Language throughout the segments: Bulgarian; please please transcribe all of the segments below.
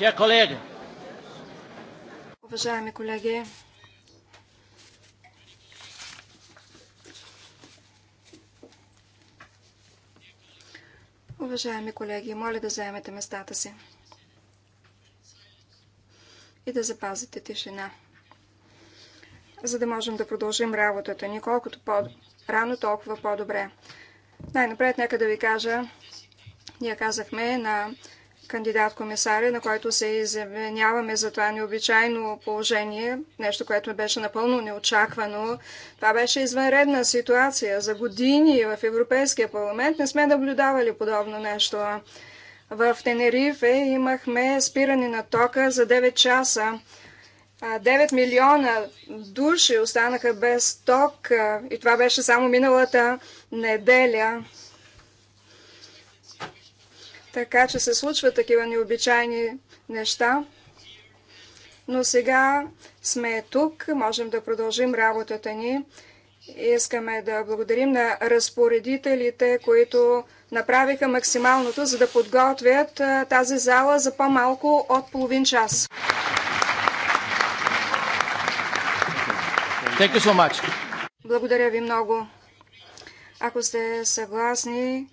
Уважаеми колеги, Уважаеми колеги, моля да заемете местата си и да запазите тишина, за да можем да продължим работата ни колкото по-рано, толкова по-добре. Най-напред нека да ви кажа, ние казахме на кандидат-комисаря, на който се извиняваме за това необичайно положение, нещо, което беше напълно неочаквано. Това беше извънредна ситуация. За години в Европейския парламент не сме наблюдавали подобно нещо. В Тенерифе имахме спиране на тока за 9 часа. 9 милиона души останаха без ток и това беше само миналата неделя. Така че се случват такива необичайни неща. Но сега сме тук, можем да продължим работата ни. Искаме да благодарим на разпоредителите, които направиха максималното, за да подготвят тази зала за по-малко от половин час. Благодаря ви много. Ако сте съгласни,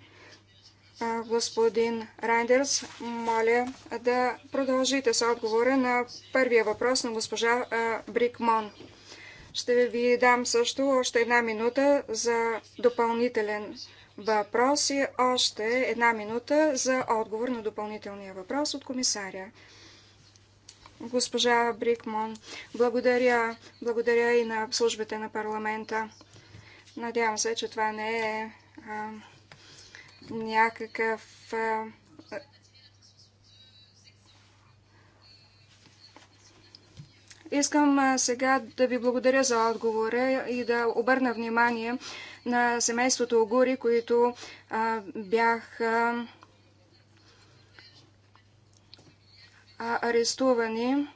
господин Райндерс. Моля да продължите с отговора на първия въпрос на госпожа Брикмон. Ще ви дам също още една минута за допълнителен въпрос и още една минута за отговор на допълнителния въпрос от комисаря. Госпожа Брикмон, благодаря, благодаря и на службите на парламента. Надявам се, че това не е някакъв Искам сега да ви благодаря за отговора и да обърна внимание на семейството Огури, които бяха арестувани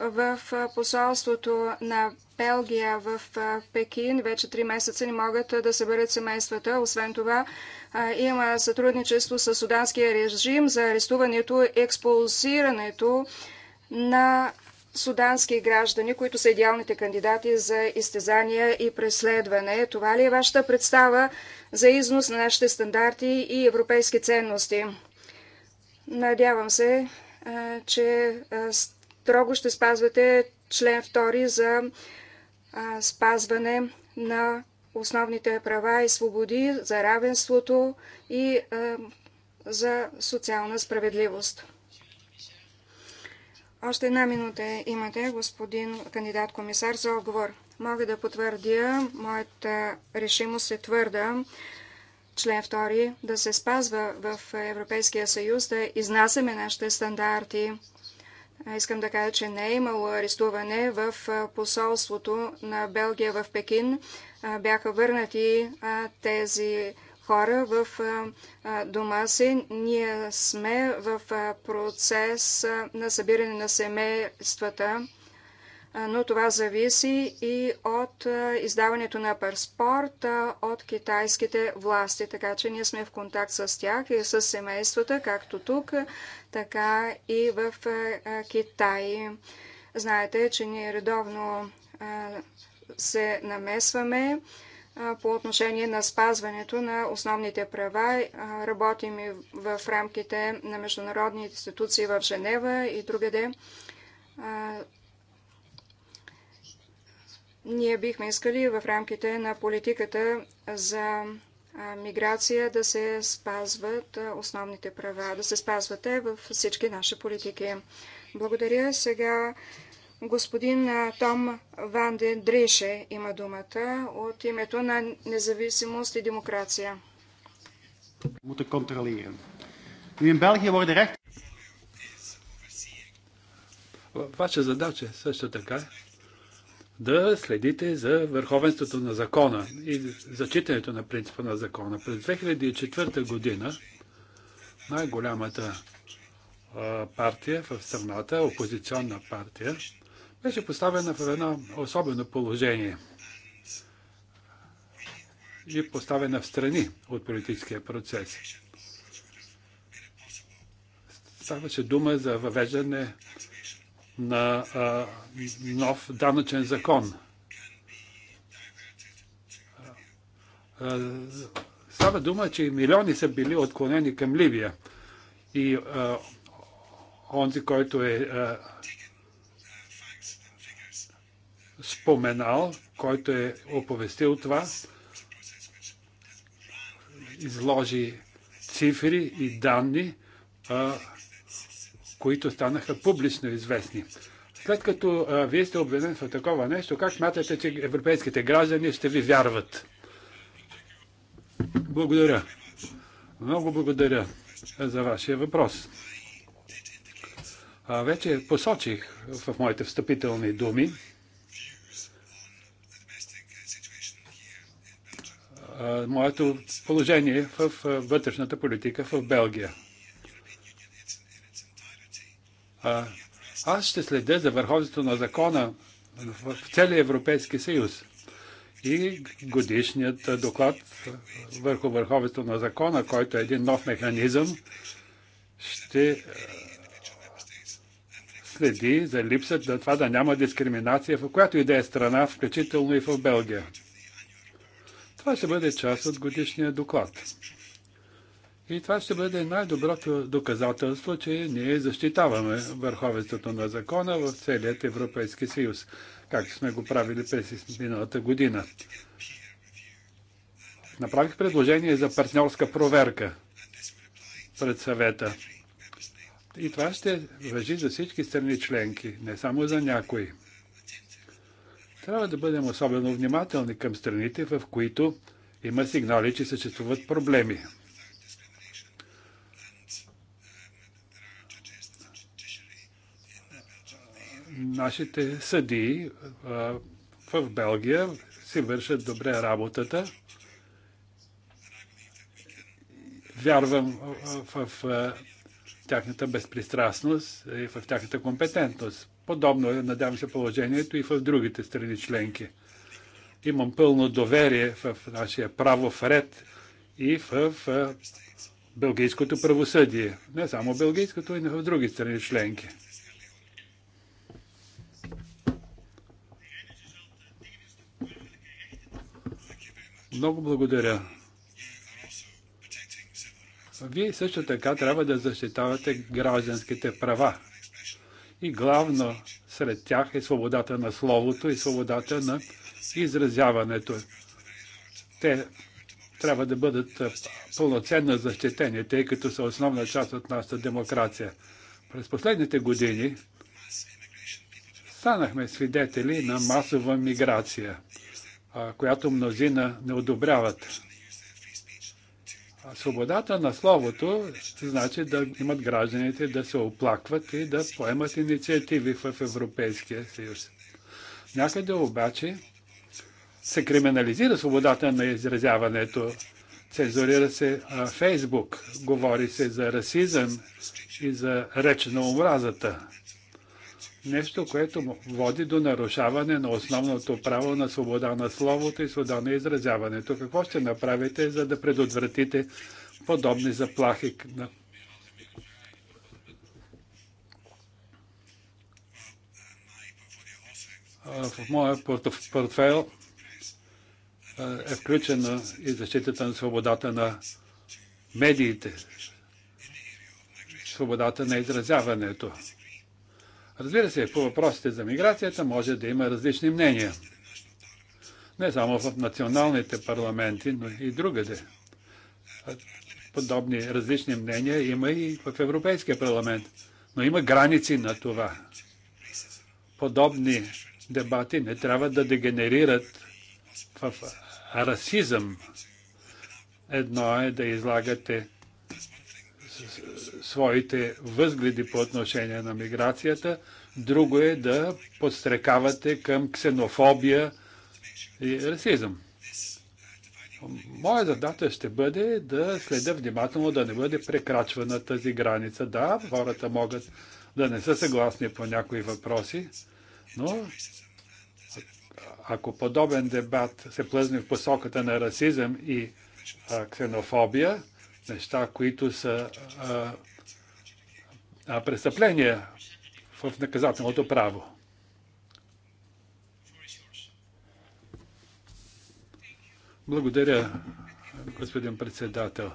в посолството на Белгия в Пекин. Вече три месеца не могат да съберат семействата. Освен това, има сътрудничество с суданския режим за арестуването и експулсирането на судански граждани, които са идеалните кандидати за изтезания и преследване. Това ли е вашата представа за износ на нашите стандарти и европейски ценности? Надявам се, че сте строго ще спазвате член 2 за а, спазване на основните права и свободи, за равенството и а, за социална справедливост. Още една минута имате, господин кандидат комисар, за отговор. Мога да потвърдя, моята решимост е твърда, член 2, да се спазва в Европейския съюз, да изнасяме нашите стандарти Искам да кажа, че не е имало арестуване в посолството на Белгия в Пекин. Бяха върнати тези хора в дома си. Ние сме в процес на събиране на семействата, но това зависи и от издаването на паспорт от китайските власти. Така че ние сме в контакт с тях и с семействата, както тук, така и в Китай. Знаете, че ние редовно се намесваме по отношение на спазването на основните права. Работим и в рамките на международни институции в Женева и другаде. Ние бихме искали в рамките на политиката за миграция да се спазват основните права, да се спазвате във всички наши политики. Благодаря. Сега господин Том Ван де Дрише има думата от името на независимост и демокрация. Moeten controleren. Nu in België worden recht... Ваша задача е също така да следите за върховенството на закона и зачитането на принципа на закона. През 2004 година най-голямата партия в страната, опозиционна партия, беше поставена в едно особено положение и поставена в страни от политическия процес. Ставаше дума за въвеждане на а, нов данъчен закон. става дума, че милиони са били отклонени към Ливия. И а, онзи, който е а, споменал, който е оповестил това, изложи цифри и данни, а, които станаха публично известни. След като а, вие сте обвинен в такова нещо, как смятате, че европейските граждани ще ви вярват? Благодаря. Много благодаря за вашия въпрос. А, вече посочих в моите встъпителни думи, моето положение в вътрешната политика в Белгия. А, аз ще следя за върховенството на закона в, целия Европейски съюз. И годишният доклад върху върховето на закона, който е един нов механизъм, ще е, следи за липсът на това да няма дискриминация в която и да е страна, включително и в Белгия. Това ще бъде част от годишния доклад. И това ще бъде най-доброто доказателство, че ние защитаваме върховенството на закона в целият Европейски съюз, както сме го правили през миналата година. Направих предложение за партньорска проверка пред съвета. И това ще въжи за всички страни членки, не само за някои. Трябва да бъдем особено внимателни към страните, в които има сигнали, че съществуват проблеми. нашите съдии в Белгия си вършат добре работата. Вярвам в, тяхната безпристрастност и в тяхната компетентност. Подобно е, надявам се, положението и в другите страни членки. Имам пълно доверие в нашия правов ред и в, в белгийското правосъдие. Не само белгийското, и в други страни членки. Много благодаря. Вие също така трябва да защитавате гражданските права. И главно сред тях е свободата на словото и свободата на изразяването. Те трябва да бъдат пълноценно защитени, тъй като са основна част от нашата демокрация. През последните години станахме свидетели на масова миграция – която мнозина не одобряват. свободата на словото значи да имат гражданите да се оплакват и да поемат инициативи в Европейския съюз. Някъде обаче се криминализира свободата на изразяването. Цензурира се Фейсбук, говори се за расизъм и за реч на омразата нещо, което води до нарушаване на основното право на свобода на словото и свобода на изразяването. Какво ще направите, за да предотвратите подобни заплахи? В моя портфел е включена и защитата на свободата на медиите, свободата на изразяването. Разбира се, по въпросите за миграцията може да има различни мнения. Не само в националните парламенти, но и другаде. Подобни различни мнения има и в Европейския парламент. Но има граници на това. Подобни дебати не трябва да дегенерират в расизъм. Едно е да излагате своите възгледи по отношение на миграцията, друго е да подстрекавате към ксенофобия и расизъм. Моя задача ще бъде да следя внимателно да не бъде прекрачвана тази граница. Да, хората могат да не са съгласни по някои въпроси, но ако подобен дебат се плъзне в посоката на расизъм и а, ксенофобия, неща, които са а, престъпления в наказателното право. Благодаря, господин председател.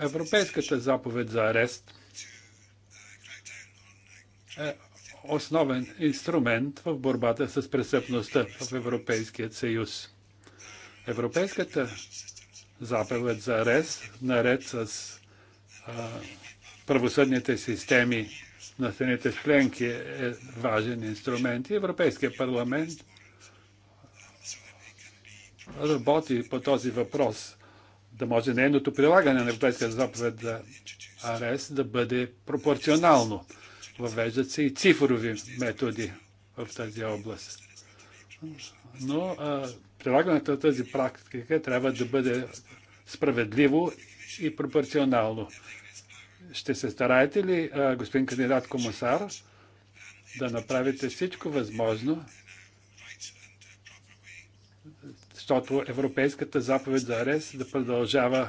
Европейската заповед за арест е основен инструмент в борбата с престъпността в Европейския съюз. Европейската заповед за арест, наред с правосъдните системи на страните членки е важен инструмент и Европейския парламент работи по този въпрос, да може нейното прилагане на Европейската заповед за арест да бъде пропорционално. Въвеждат се и цифрови методи в тази област. Но а, прилагането на тази практика трябва да бъде справедливо и пропорционално. Ще се стараете ли, господин кандидат Комусар, да направите всичко възможно, защото Европейската заповед за арест да продължава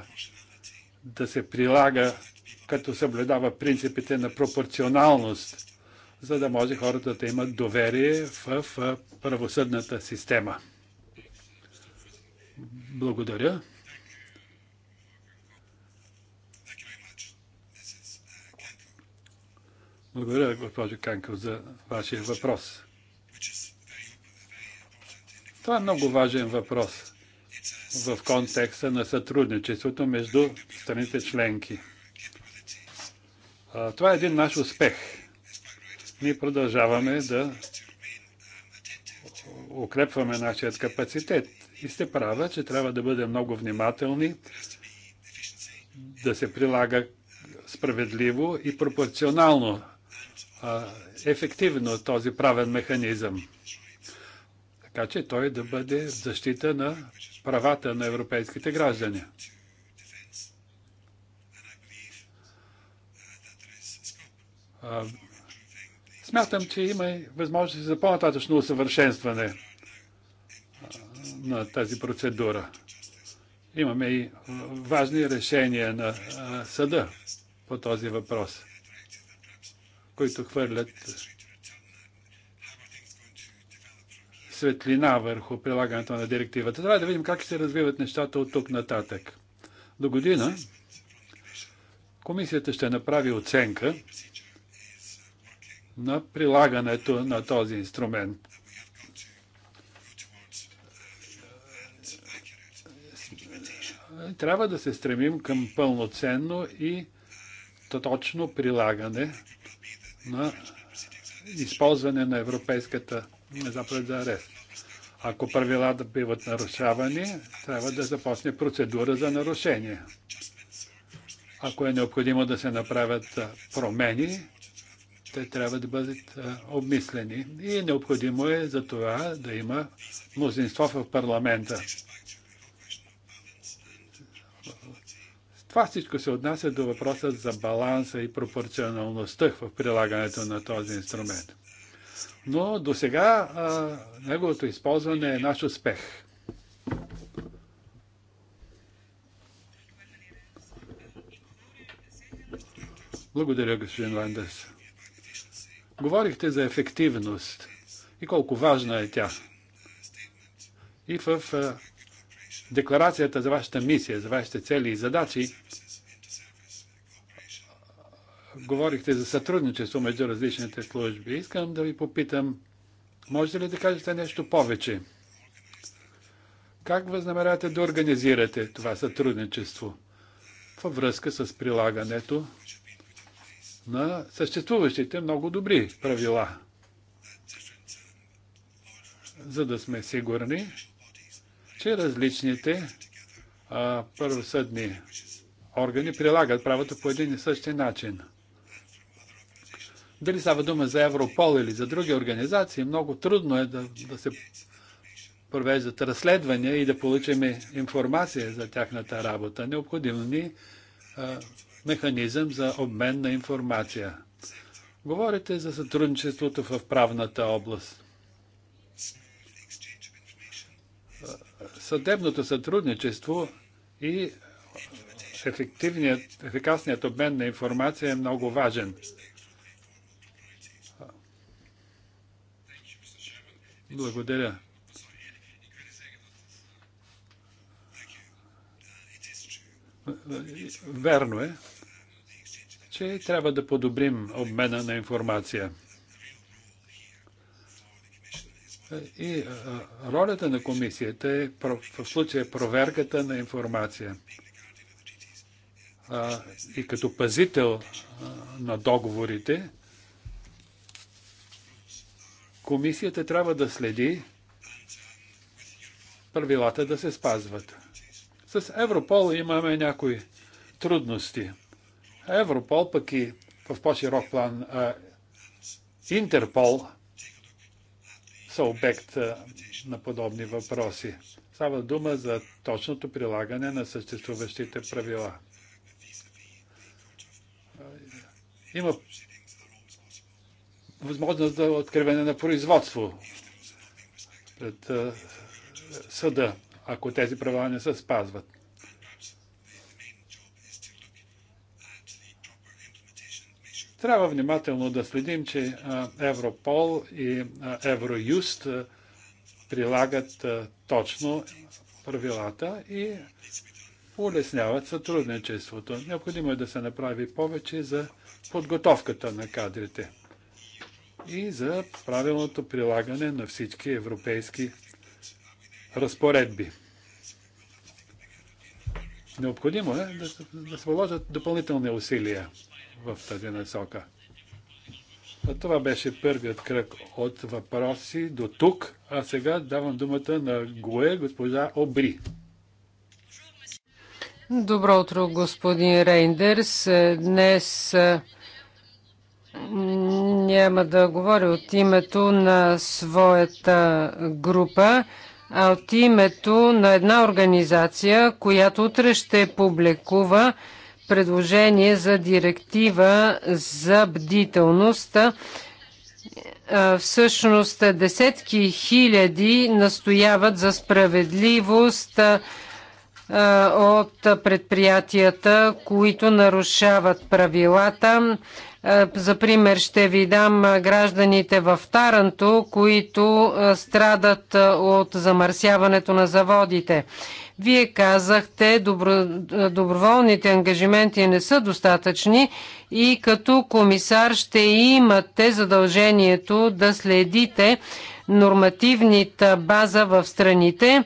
да се прилага, като съблюдава принципите на пропорционалност, за да може хората да имат доверие в правосъдната система. Благодаря. Благодаря, госпожо Канков, за вашия въпрос. Това е много важен въпрос в контекста на сътрудничеството между страните членки. Това е един наш успех. Ние продължаваме да укрепваме нашия капацитет. И сте права, че трябва да бъдем много внимателни, да се прилага справедливо и пропорционално ефективно този правен механизъм. Така че той да бъде в защита на правата на европейските граждани. Смятам, че има и възможност за по-нататъчно усъвършенстване на тази процедура. Имаме и важни решения на съда по този въпрос които хвърлят светлина върху прилагането на директивата. Трябва да видим как се развиват нещата от тук нататък. До година комисията ще направи оценка на прилагането на този инструмент. Трябва да се стремим към пълноценно и точно прилагане на използване на Европейската заповед за арест. Ако правилата да биват нарушавани, трябва да започне процедура за нарушение. Ако е необходимо да се направят промени, те трябва да бъдат обмислени. И необходимо е за това да има мнозинство в парламента. Това всичко се отнася до въпроса за баланса и пропорционалността в прилагането на този инструмент. Но до сега неговото използване е наш успех. Благодаря, господин Ландес. Говорихте за ефективност и колко важна е тя. И в декларацията за вашата мисия, за вашите цели и задачи, говорихте за сътрудничество между различните служби. Искам да ви попитам, можете ли да кажете нещо повече? Как възнамерявате да организирате това сътрудничество във връзка с прилагането на съществуващите много добри правила, за да сме сигурни, че различните а, органи прилагат правото по един и същи начин. Дали става дума за Европол или за други организации, много трудно е да, да се провеждат разследвания и да получим информация за тяхната работа. Необходим ни а, механизъм за обмен на информация. Говорите за сътрудничеството в правната област. съдебното сътрудничество и ефективният, ефикасният обмен на информация е много важен. Благодаря. Верно е, че трябва да подобрим обмена на информация. И ролята на комисията е в случая е проверката на информация. И като пазител на договорите, комисията трябва да следи правилата да се спазват. С Европол имаме някои трудности. Европол, пък и в по-широк план Интерпол, са обект на подобни въпроси. Става дума за точното прилагане на съществуващите правила. Има възможност за откриване на производство пред съда, ако тези правила не се спазват. Трябва внимателно да следим, че Европол и Евроюст прилагат точно правилата и улесняват сътрудничеството. Необходимо е да се направи повече за подготовката на кадрите и за правилното прилагане на всички европейски разпоредби. Необходимо е да, се положат допълнителни усилия в тази насока. А това беше първият кръг от въпроси до тук, а сега давам думата на Гое, госпожа Обри. Добро утро, господин Рейндерс. Днес няма да говоря от името на своята група, а от името на една организация, която утре ще публикува предложение за директива за бдителност. Всъщност десетки хиляди настояват за справедливост от предприятията, които нарушават правилата. За пример ще ви дам гражданите в Таранто, които страдат от замърсяването на заводите. Вие казахте, добро, доброволните ангажименти не са достатъчни и като комисар ще имате задължението да следите нормативната база в страните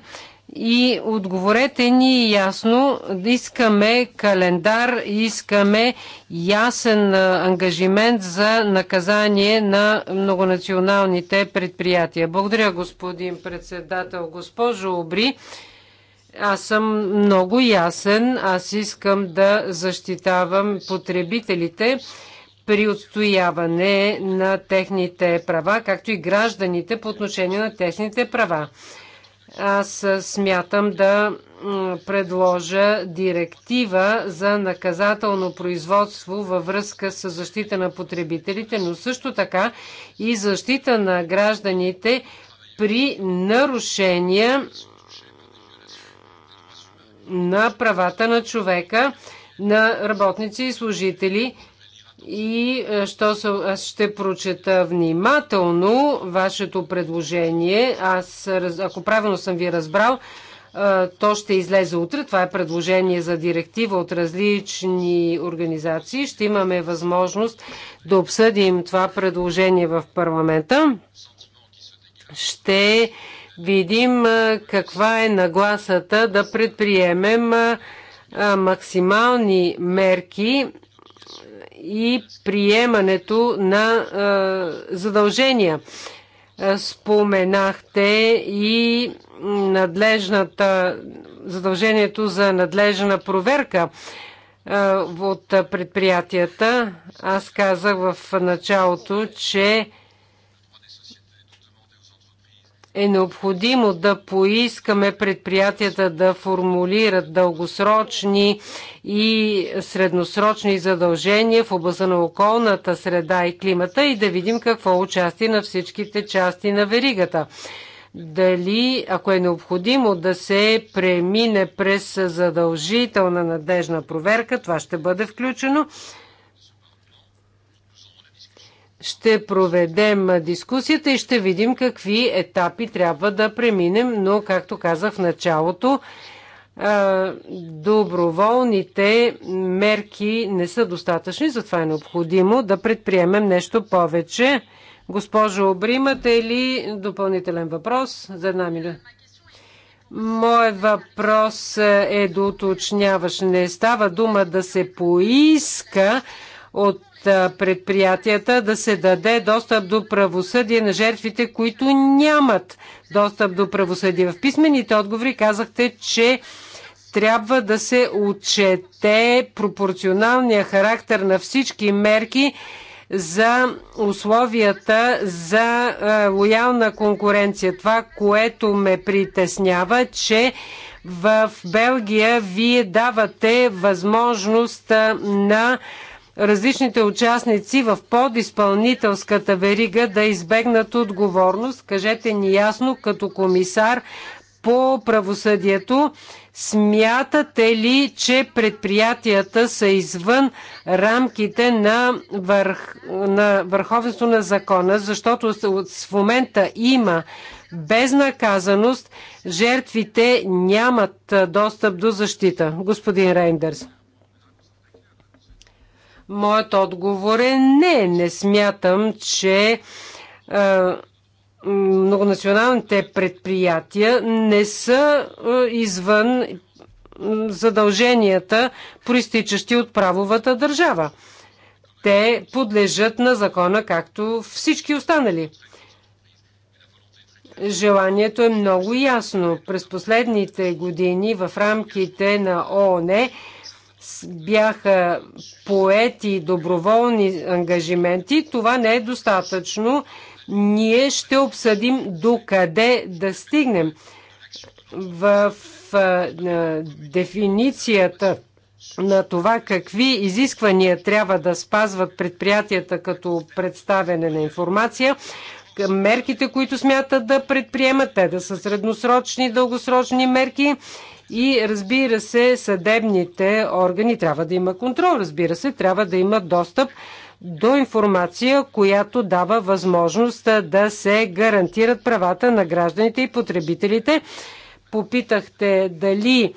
и отговорете ни ясно. Искаме календар, искаме ясен ангажимент за наказание на многонационалните предприятия. Благодаря, господин председател. Госпожо Обри, аз съм много ясен. Аз искам да защитавам потребителите при отстояване на техните права, както и гражданите по отношение на техните права. Аз смятам да предложа директива за наказателно производство във връзка с защита на потребителите, но също така и защита на гражданите при нарушения на правата на човека, на работници и служители. И е, що са, аз ще прочета внимателно вашето предложение. Аз, ако правилно съм ви разбрал, е, то ще излезе утре. Това е предложение за директива от различни организации. Ще имаме възможност да обсъдим това предложение в парламента. Ще видим каква е нагласата да предприемем максимални мерки и приемането на задължения. Споменахте и надлежната, задължението за надлежна проверка от предприятията. Аз казах в началото, че е необходимо да поискаме предприятията да формулират дългосрочни и средносрочни задължения в областта на околната среда и климата и да видим какво е участие на всичките части на веригата. Дали, ако е необходимо да се премине през задължителна надежна проверка, това ще бъде включено ще проведем дискусията и ще видим какви етапи трябва да преминем, но, както казах в началото, доброволните мерки не са достатъчни, затова е необходимо да предприемем нещо повече. Госпожо Обри, имате ли допълнителен въпрос за една минута? Моят въпрос е да уточняваш. Не става дума да се поиска от предприятията да се даде достъп до правосъдие на жертвите, които нямат достъп до правосъдие. В писмените отговори казахте, че трябва да се отчете пропорционалния характер на всички мерки за условията за лоялна конкуренция. Това, което ме притеснява, че в Белгия вие давате възможност на различните участници в подизпълнителската верига да избегнат отговорност. Кажете ни ясно, като комисар по правосъдието, смятате ли, че предприятията са извън рамките на, върх, на върховенство на закона, защото в момента има безнаказаност, жертвите нямат достъп до защита. Господин Рейндърс. Моят отговор е не. Не смятам, че многонационалните предприятия не са извън задълженията, проистичащи от правовата държава. Те подлежат на закона, както всички останали. Желанието е много ясно. През последните години в рамките на ООН бяха поети доброволни ангажименти, това не е достатъчно. Ние ще обсъдим докъде да стигнем. В дефиницията на това какви изисквания трябва да спазват предприятията като представяне на информация, мерките, които смятат да предприемат, те да са средносрочни, дългосрочни мерки и разбира се, съдебните органи трябва да има контрол, разбира се, трябва да има достъп до информация, която дава възможност да се гарантират правата на гражданите и потребителите. Попитахте дали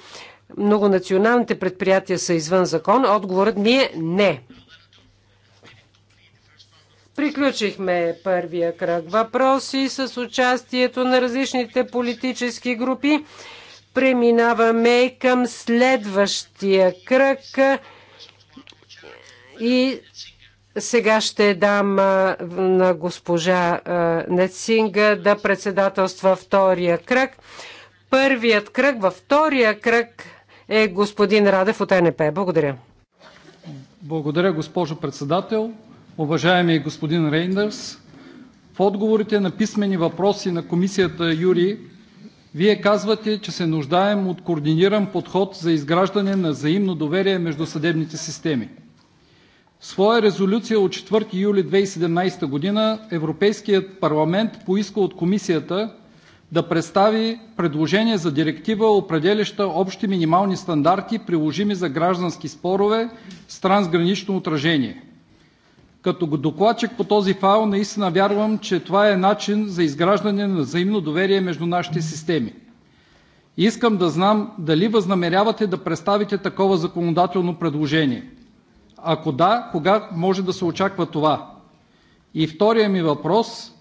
многонационалните предприятия са извън закон. Отговорът ми е не. Приключихме първия кръг въпроси с участието на различните политически групи. Преминаваме към следващия кръг и сега ще дам на госпожа Нецинга да председателства втория кръг. Първият кръг, във втория кръг е господин Радев от НП. Благодаря. Благодаря, госпожо председател. Уважаеми господин Рейндърс, в отговорите на писмени въпроси на комисията Юри вие казвате, че се нуждаем от координиран подход за изграждане на взаимно доверие между съдебните системи. В своя резолюция от 4 юли 2017 година Европейският парламент поиска от Комисията да представи предложение за директива, определяща общи минимални стандарти, приложими за граждански спорове с трансгранично отражение. Като докладчик по този файл наистина вярвам, че това е начин за изграждане на взаимно доверие между нашите системи. Искам да знам дали възнамерявате да представите такова законодателно предложение? Ако да, кога може да се очаква това? И вторият ми въпрос: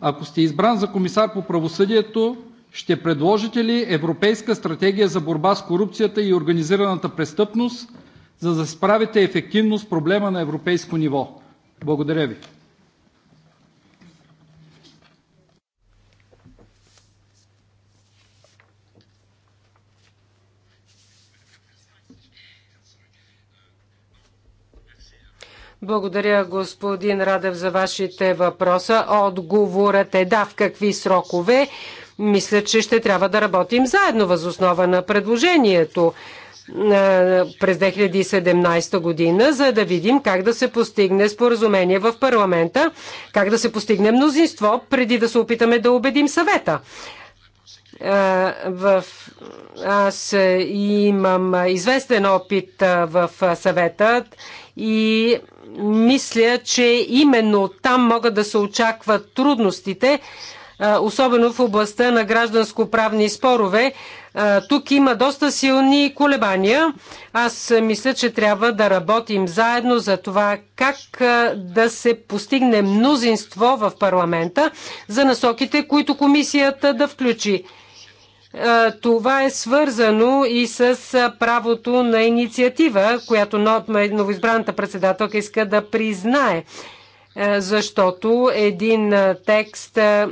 ако сте избран за комисар по правосъдието, ще предложите ли Европейска стратегия за борба с корупцията и организираната престъпност, за да справите ефективно с проблема на европейско ниво? Благодаря ви. Благодаря, господин Радев, за вашите въпроса. Отговорът е да, в какви срокове. Мисля, че ще трябва да работим заедно възоснова на предложението през 2017 година, за да видим как да се постигне споразумение в парламента, как да се постигне мнозинство, преди да се опитаме да убедим съвета. В... Аз имам известен опит в съвета и мисля, че именно там могат да се очакват трудностите, особено в областта на гражданско-правни спорове, тук има доста силни колебания. Аз мисля, че трябва да работим заедно за това как да се постигне мнозинство в парламента за насоките, които комисията да включи. Това е свързано и с правото на инициатива, която новоизбраната председателка иска да признае. Е, защото един е, текст е,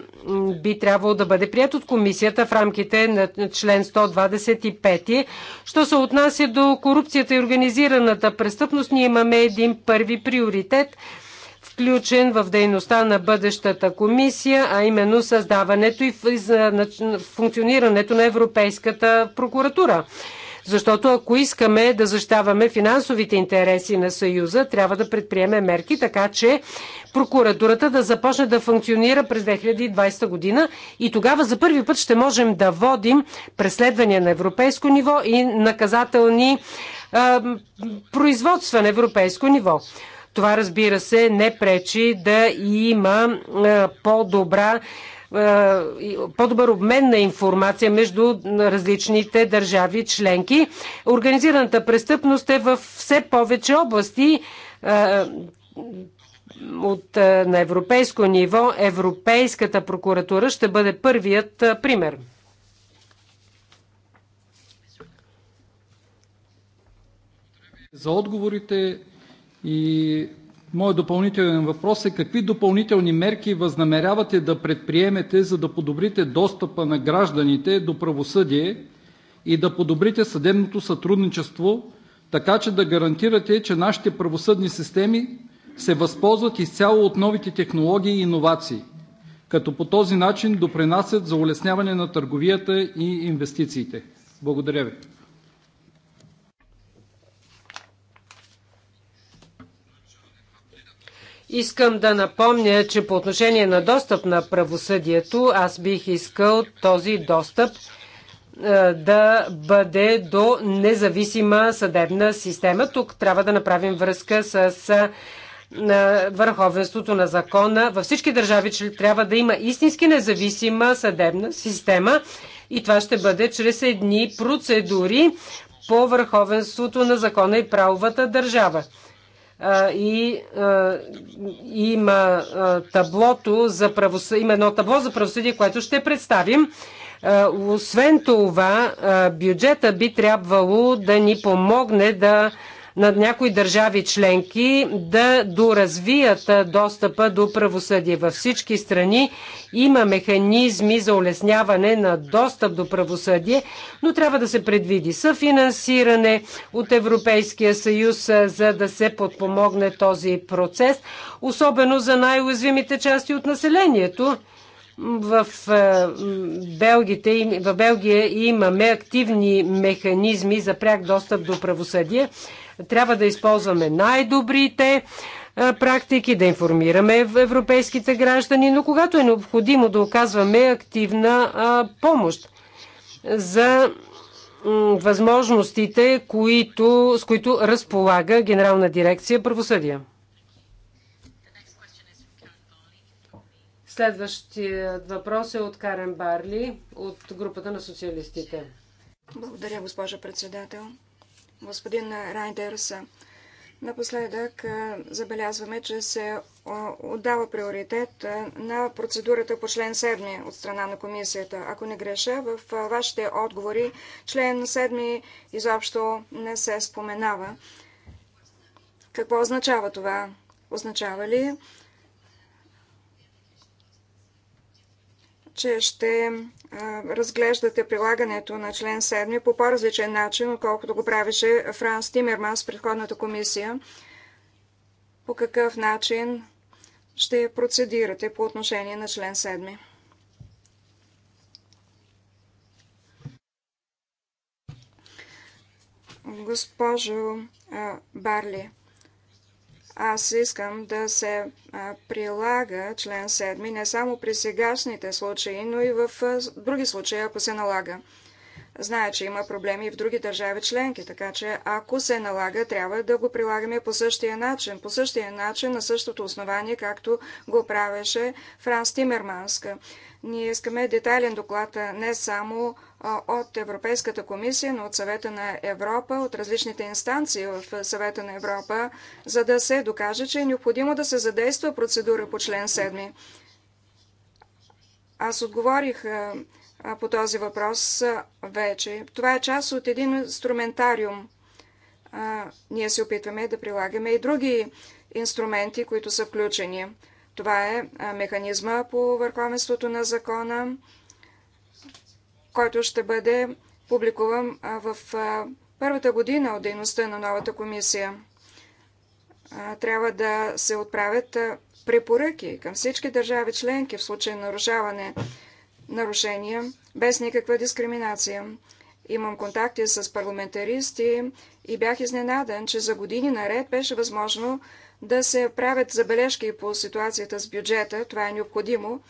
би трябвало да бъде прият от комисията в рамките на член 125. Що се отнася до корупцията и организираната престъпност, ние имаме един първи приоритет включен в дейността на бъдещата комисия, а именно създаването и функционирането на Европейската прокуратура. Защото ако искаме да защаваме финансовите интереси на Съюза, трябва да предприеме мерки, така че прокуратурата да започне да функционира през 2020 година и тогава за първи път ще можем да водим преследвания на европейско ниво и наказателни а, производства на европейско ниво. Това, разбира се, не пречи да има по-добра е, по-добър обмен на информация между различните държави членки. Организираната престъпност е в все повече области е, от, е, на европейско ниво. Европейската прокуратура ще бъде първият пример. За отговорите и Моят допълнителен въпрос е: какви допълнителни мерки възнамерявате да предприемете, за да подобрите достъпа на гражданите до правосъдие и да подобрите съдебното сътрудничество, така че да гарантирате, че нашите правосъдни системи се възползват изцяло от новите технологии и иновации, като по този начин допринасят за улесняване на търговията и инвестициите? Благодаря Ви. Искам да напомня, че по отношение на достъп на правосъдието, аз бих искал този достъп е, да бъде до независима съдебна система. Тук трябва да направим връзка с е, на върховенството на закона. Във всички държави че трябва да има истински независима съдебна система и това ще бъде чрез едни процедури по върховенството на закона и правовата държава и има таблото за правосъдие, има едно табло за правосъдие, което ще представим. Освен това, бюджета би трябвало да ни помогне да на някои държави членки да доразвият достъпа до правосъдие. Във всички страни има механизми за улесняване на достъп до правосъдие, но трябва да се предвиди съфинансиране от Европейския съюз, за да се подпомогне този процес, особено за най-уязвимите части от населението в, Белгите, в Белгия имаме активни механизми за пряк достъп до правосъдие. Трябва да използваме най-добрите е, практики, да информираме европейските граждани, но когато е необходимо да оказваме активна помощ за възможностите, които, с които разполага Генерална дирекция правосъдие. Следващият въпрос е от Карен Барли от групата на социалистите. Благодаря, госпожа председател господин Райндерс. Напоследък забелязваме, че се отдава приоритет на процедурата по член 7 от страна на комисията. Ако не греша, в вашите отговори член 7 изобщо не се споменава. Какво означава това? Означава ли, че ще разглеждате прилагането на член 7 по по-различен начин, отколкото го правеше Франс Тимерман с предходната комисия. По какъв начин ще процедирате по отношение на член 7? Госпожо Барли, аз искам да се прилага член 7 не само при сегашните случаи, но и в други случаи, ако се налага. Зная, че има проблеми и в други държави членки, така че ако се налага, трябва да го прилагаме по същия начин, по същия начин, на същото основание, както го правеше Франс Тимерманска. Ние искаме детайлен доклад не само от Европейската комисия, но от Съвета на Европа, от различните инстанции в Съвета на Европа, за да се докаже, че е необходимо да се задейства процедура по член 7. Аз отговорих по този въпрос вече. Това е част от един инструментариум. Ние се опитваме да прилагаме и други инструменти, които са включени. Това е механизма по върховенството на закона, който ще бъде публикуван в първата година от дейността на новата комисия. Трябва да се отправят препоръки към всички държави членки в случай на нарушаване нарушения без никаква дискриминация. Имам контакти с парламентаристи и бях изненадан, че за години наред беше възможно да се правят забележки по ситуацията с бюджета. Това е необходимо,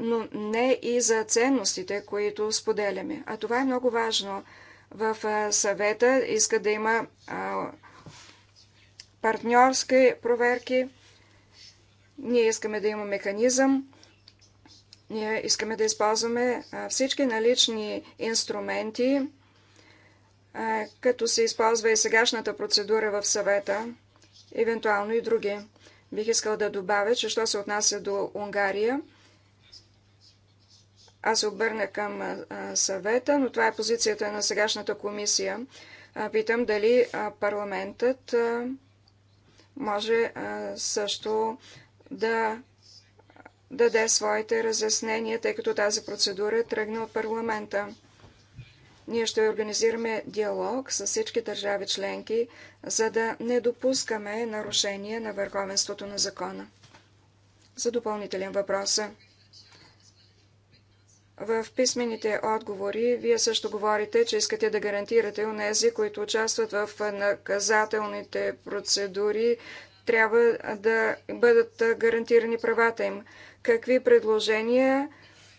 но не и за ценностите, които споделяме. А това е много важно. В съвета иска да има партньорски проверки. Ние искаме да има механизъм. Ние искаме да използваме всички налични инструменти, като се използва и сегашната процедура в съвета, евентуално и други. Бих искал да добавя, че що се отнася до Унгария – аз се обърна към съвета, но това е позицията на сегашната комисия. Питам дали парламентът може също да даде своите разяснения, тъй като тази процедура е тръгна от парламента. Ние ще организираме диалог с всички държави членки, за да не допускаме нарушение на върховенството на закона. За допълнителен въпрос. В писмените отговори вие също говорите, че искате да гарантирате онези, които участват в наказателните процедури, трябва да бъдат гарантирани правата им. Какви предложения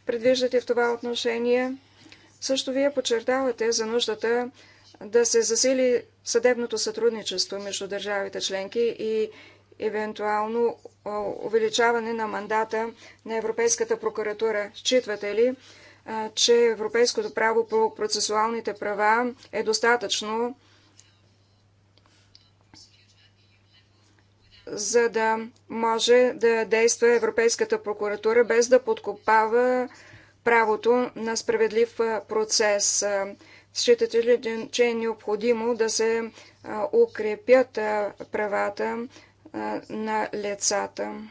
предвиждате в това отношение? Също вие подчертавате за нуждата да се засили съдебното сътрудничество между държавите членки и евентуално увеличаване на мандата на Европейската прокуратура. Считвате ли, че европейското право по процесуалните права е достатъчно за да може да действа Европейската прокуратура без да подкопава правото на справедлив процес. Считате ли, че е необходимо да се укрепят правата на лицата.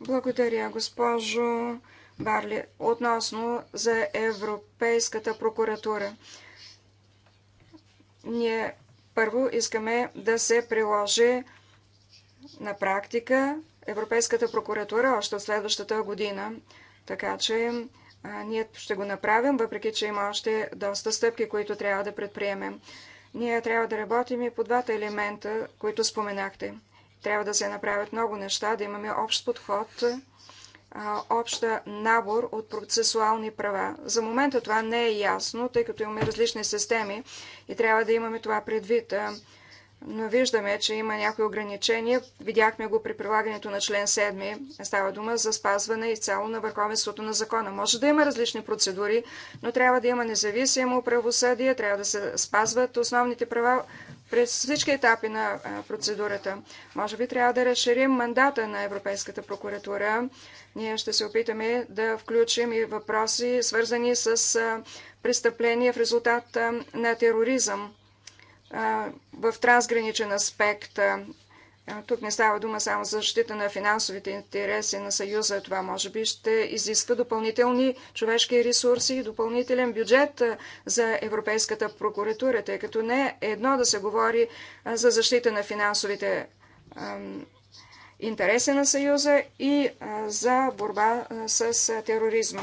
Благодаря, госпожо Барли. Относно за Европейската прокуратура. Ние първо искаме да се приложи на практика Европейската прокуратура още следващата година. Така че ние ще го направим, въпреки че има още доста стъпки, които трябва да предприемем. Ние трябва да работим и по двата елемента, които споменахте. Трябва да се направят много неща, да имаме общ подход, обща набор от процесуални права. За момента това не е ясно, тъй като имаме различни системи и трябва да имаме това предвид но виждаме, че има някои ограничения. Видяхме го при прилагането на член 7. Става дума за спазване изцяло на върховенството на закона. Може да има различни процедури, но трябва да има независимо правосъдие, трябва да се спазват основните права през всички етапи на процедурата. Може би трябва да разширим мандата на Европейската прокуратура. Ние ще се опитаме да включим и въпроси, свързани с престъпления в резултат на тероризъм в трансграничен аспект. Тук не става дума само за защита на финансовите интереси на Съюза. Това може би ще изисква допълнителни човешки ресурси и допълнителен бюджет за Европейската прокуратура, тъй като не е едно да се говори за защита на финансовите интереси на Съюза и за борба с тероризма.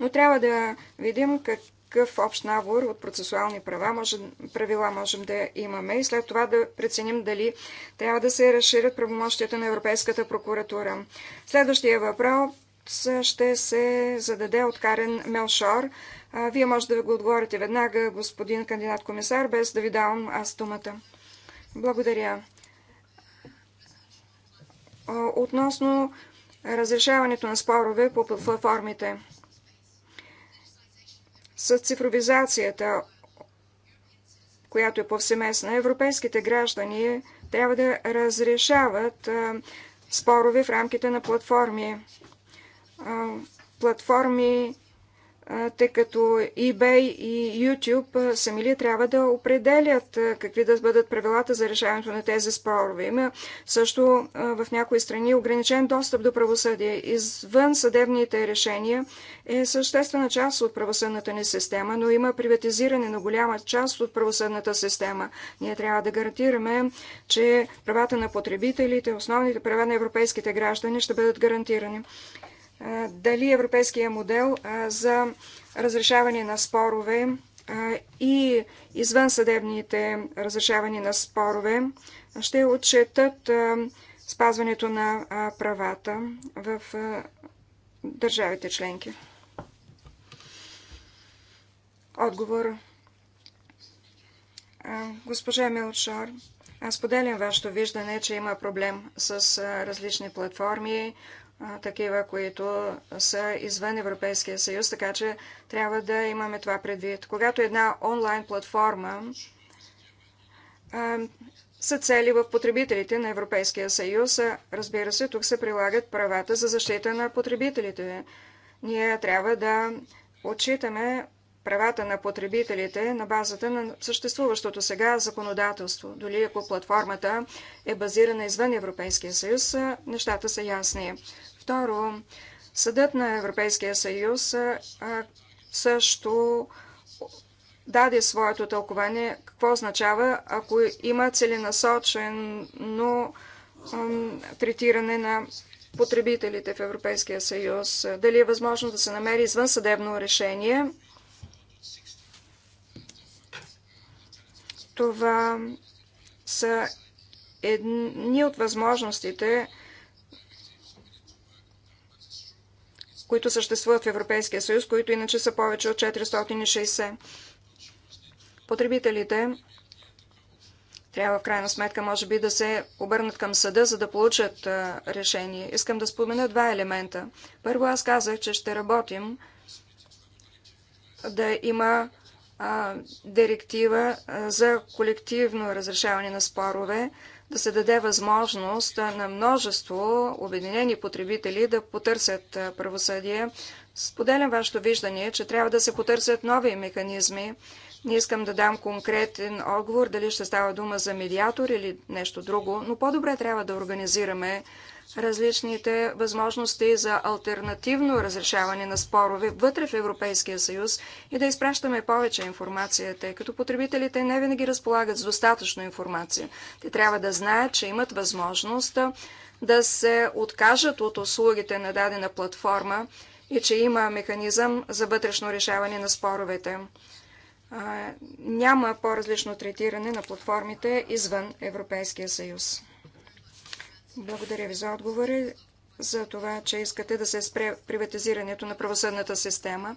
Но трябва да видим как какъв общ набор от процесуални права можем, правила можем да имаме и след това да преценим дали трябва да се разширят правомощията на Европейската прокуратура. Следващия въпрос ще се зададе от Карен Мелшор. Вие може да го отговорите веднага, господин кандидат комисар, без да ви давам аз думата. Благодаря. Относно разрешаването на спорове по платформите с цифровизацията, която е повсеместна, европейските граждани трябва да разрешават спорове в рамките на платформи. Платформи тъй като eBay и YouTube сами ли трябва да определят какви да бъдат правилата за решаването на тези спорове. Има също в някои страни ограничен достъп до правосъдие. Извън съдебните решения е съществена част от правосъдната ни система, но има приватизиране на голяма част от правосъдната система. Ние трябва да гарантираме, че правата на потребителите, основните права на европейските граждани ще бъдат гарантирани дали европейския модел за разрешаване на спорове и извънсъдебните разрешаване на спорове ще отчетат спазването на правата в държавите членки. Отговор. Госпожа Милчор, аз поделям вашето виждане, че има проблем с различни платформи, такива, които са извън Европейския съюз, така че трябва да имаме това предвид. Когато една онлайн платформа са цели в потребителите на Европейския съюз, разбира се, тук се прилагат правата за защита на потребителите. Ние трябва да отчитаме правата на потребителите на базата на съществуващото сега законодателство. Доли ако платформата е базирана извън Европейския съюз, нещата са ясни. Второ, Съдът на Европейския съюз също даде своето тълкование какво означава, ако има целенасочено третиране на потребителите в Европейския съюз, дали е възможно да се намери извънсъдебно решение Това са едни от възможностите, които съществуват в Европейския съюз, които иначе са повече от 460. Потребителите трябва в крайна сметка, може би, да се обърнат към съда, за да получат а, решение. Искам да спомена два елемента. Първо, аз казах, че ще работим да има директива за колективно разрешаване на спорове, да се даде възможност на множество обединени потребители да потърсят правосъдие. Споделям вашето виждане, че трябва да се потърсят нови механизми. Не искам да дам конкретен отговор, дали ще става дума за медиатор или нещо друго, но по-добре трябва да организираме различните възможности за альтернативно разрешаване на спорове вътре в Европейския съюз и да изпращаме повече информация, тъй като потребителите не винаги разполагат с достатъчно информация. Те трябва да знаят, че имат възможност да се откажат от услугите на дадена платформа и че има механизъм за вътрешно решаване на споровете. няма по-различно третиране на платформите извън Европейския съюз. Благодаря ви за отговори, за това, че искате да се спре приватизирането на правосъдната система.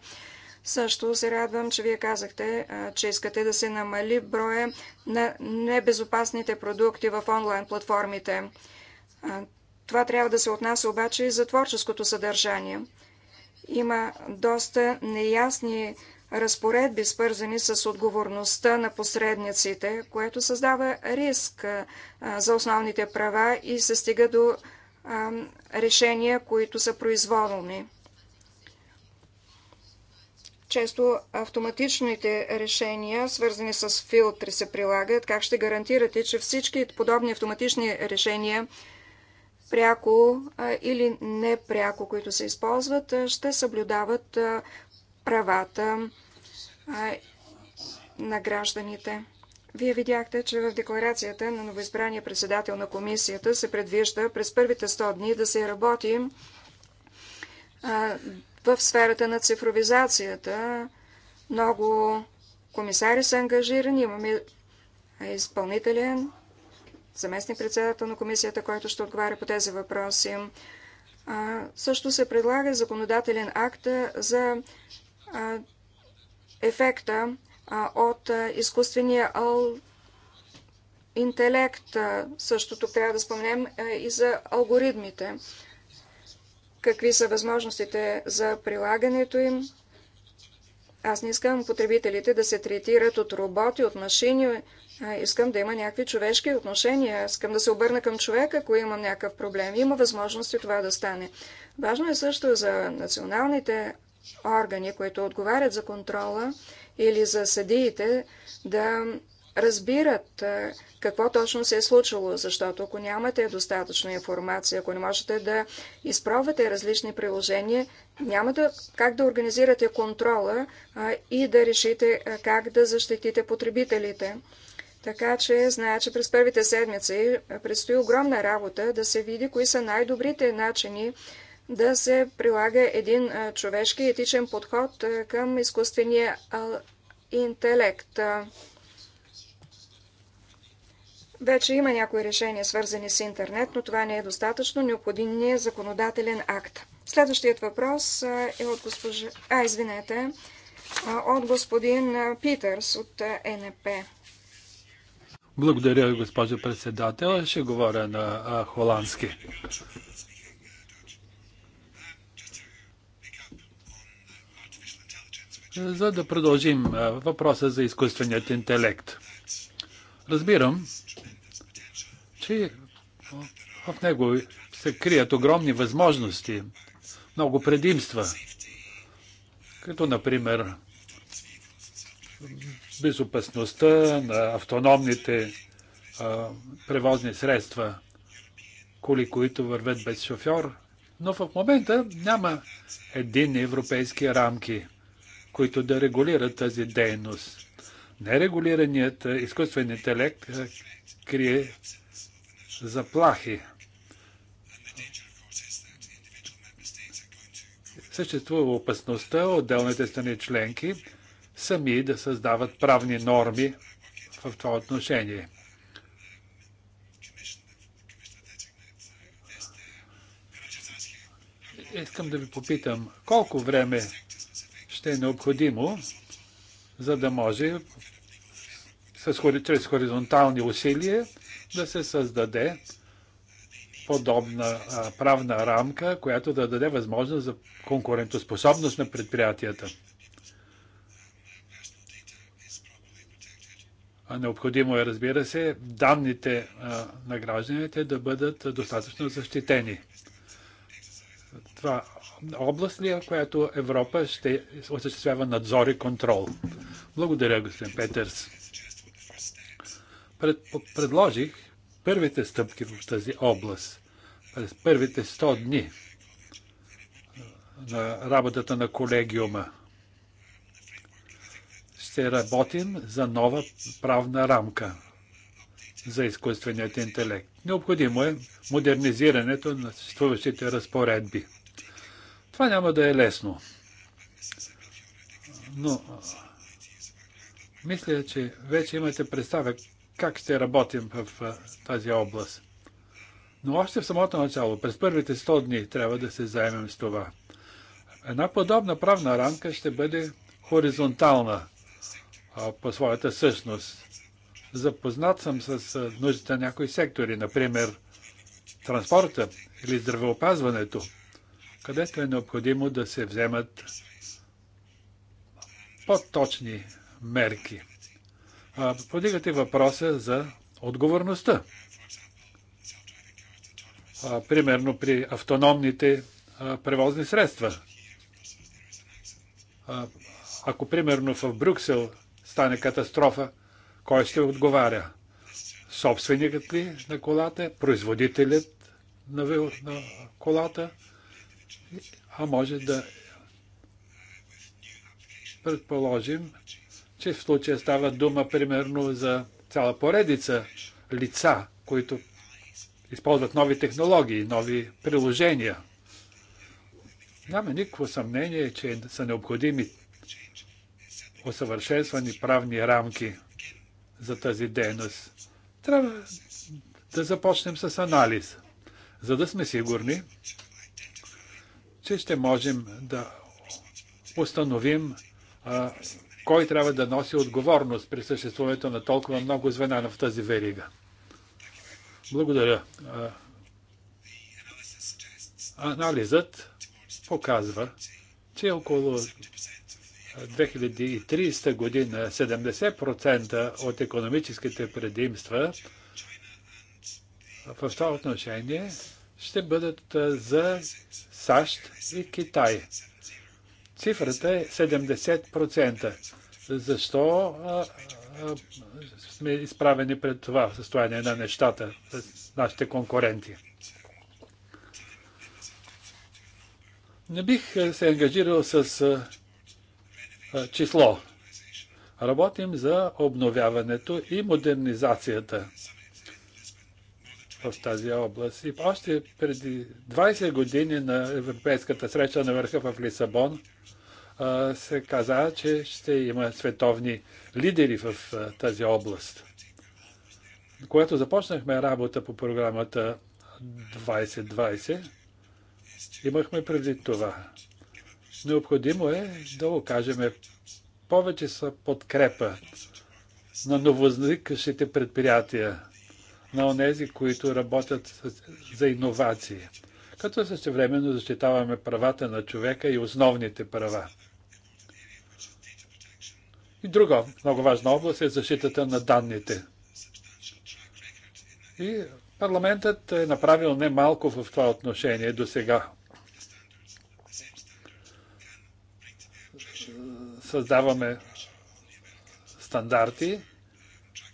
Също се радвам, че вие казахте, че искате да се намали броя на небезопасните продукти в онлайн платформите. Това трябва да се отнася обаче и за творческото съдържание. Има доста неясни разпоредби, свързани с отговорността на посредниците, което създава риск за основните права и се стига до решения, които са произволни. Често автоматичните решения, свързани с филтри, се прилагат. Как ще гарантирате, че всички подобни автоматични решения, пряко или непряко, които се използват, ще съблюдават правата на гражданите. Вие видяхте, че в декларацията на новоизбрания председател на комисията се предвижда през първите 100 дни да се работи в сферата на цифровизацията. Много комисари са ангажирани. Имаме изпълнителен заместник председател на комисията, който ще отговаря по тези въпроси. Също се предлага законодателен акт за ефекта от изкуствения интелект. Също тук трябва да спомнем е, и за алгоритмите. Какви са възможностите за прилагането им? Аз не искам потребителите да се третират от роботи, от машини. Искам да има някакви човешки отношения. Искам да се обърна към човека, ако имам някакъв проблем. Има възможности това да стане. Важно е също за националните органи, които отговарят за контрола или за съдиите, да разбират какво точно се е случило, защото ако нямате достатъчно информация, ако не можете да изпробвате различни приложения, няма да, как да организирате контрола а, и да решите как да защитите потребителите. Така че зная, че през първите седмици предстои огромна работа да се види кои са най-добрите начини да се прилага един човешки етичен подход към изкуствения интелект. Вече има някои решения, свързани с интернет, но това не е достатъчно. Необходим ни е законодателен акт. Следващият въпрос е от госпожа... А, извинете. От господин Питърс от НП. Благодаря, госпожо председател. Ще говоря на холандски. за да продължим въпроса за изкуственият интелект. Разбирам, че в него се крият огромни възможности, много предимства, като например безопасността на автономните а, превозни средства, коли, които вървят без шофьор, но в момента няма един европейски рамки – които да регулират тази дейност. Нерегулираният е, изкуствен интелект е, крие заплахи. Съществува опасността отделните страни членки сами да създават правни норми в това отношение. Искам да ви попитам, колко време ще е необходимо, за да може с, чрез хоризонтални усилия да се създаде подобна а, правна рамка, която да даде възможност за конкурентоспособност на предприятията. А необходимо е, разбира се, данните а, на гражданите да бъдат достатъчно защитени. Това област в която Европа ще осъществява надзор и контрол? Благодаря, господин Петърс. Пред, предложих първите стъпки в тази област през първите 100 дни на работата на колегиума. Ще работим за нова правна рамка за изкуственият интелект. Необходимо е модернизирането на съществуващите разпоредби. Това няма да е лесно. Но мисля, че вече имате представа как ще работим в тази област. Но още в самото начало, през първите 100 дни, трябва да се заемем с това. Една подобна правна рамка ще бъде хоризонтална по своята същност. Запознат съм с нуждите на някои сектори, например транспорта или здравеопазването където е необходимо да се вземат по-точни мерки. Подигате въпроса за отговорността. Примерно при автономните превозни средства. Ако примерно в Брюксел стане катастрофа, кой ще отговаря? Собственикът ли на колата, производителят на, на колата, а може да предположим, че в случая става дума примерно за цяла поредица лица, които използват нови технологии, нови приложения. Няма никакво съмнение, че са необходими усъвършенствани правни рамки за тази дейност. Трябва да започнем с анализ, за да сме сигурни, че ще можем да установим а, кой трябва да носи отговорност при съществуването на толкова много звена в тази верига. Благодаря. А, анализът показва, че около 2030 година 70% от економическите предимства в това отношение ще бъдат за САЩ и Китай. Цифрата е 70%. Защо а, а, сме изправени пред това състояние на нещата с нашите конкуренти? Не бих се ангажирал с а, число. Работим за обновяването и модернизацията в тази област. И още преди 20 години на Европейската среща на върха в Лисабон се каза, че ще има световни лидери в тази област. Когато започнахме работа по програмата 2020, имахме преди това. Необходимо е да окажеме повече са подкрепа на новозникащите предприятия, на онези, които работят за иновации, като същевременно защитаваме правата на човека и основните права. И друга много важна област е защитата на данните. И парламентът е направил немалко в това отношение до сега. Създаваме стандарти,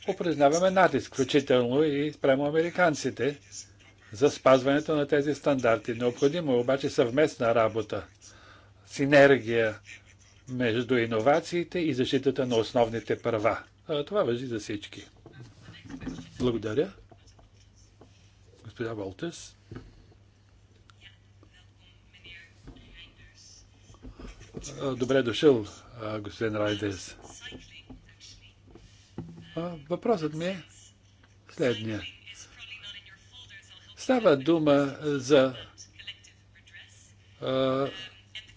упражняваме натиск, включително и спрямо американците, за спазването на тези стандарти. Необходимо е обаче съвместна работа, синергия между иновациите и защитата на основните права. Това въжи за всички. Благодаря. Господа Волтес. Добре дошъл, господин Райдес. Въпросът ми е следния. Става дума за а,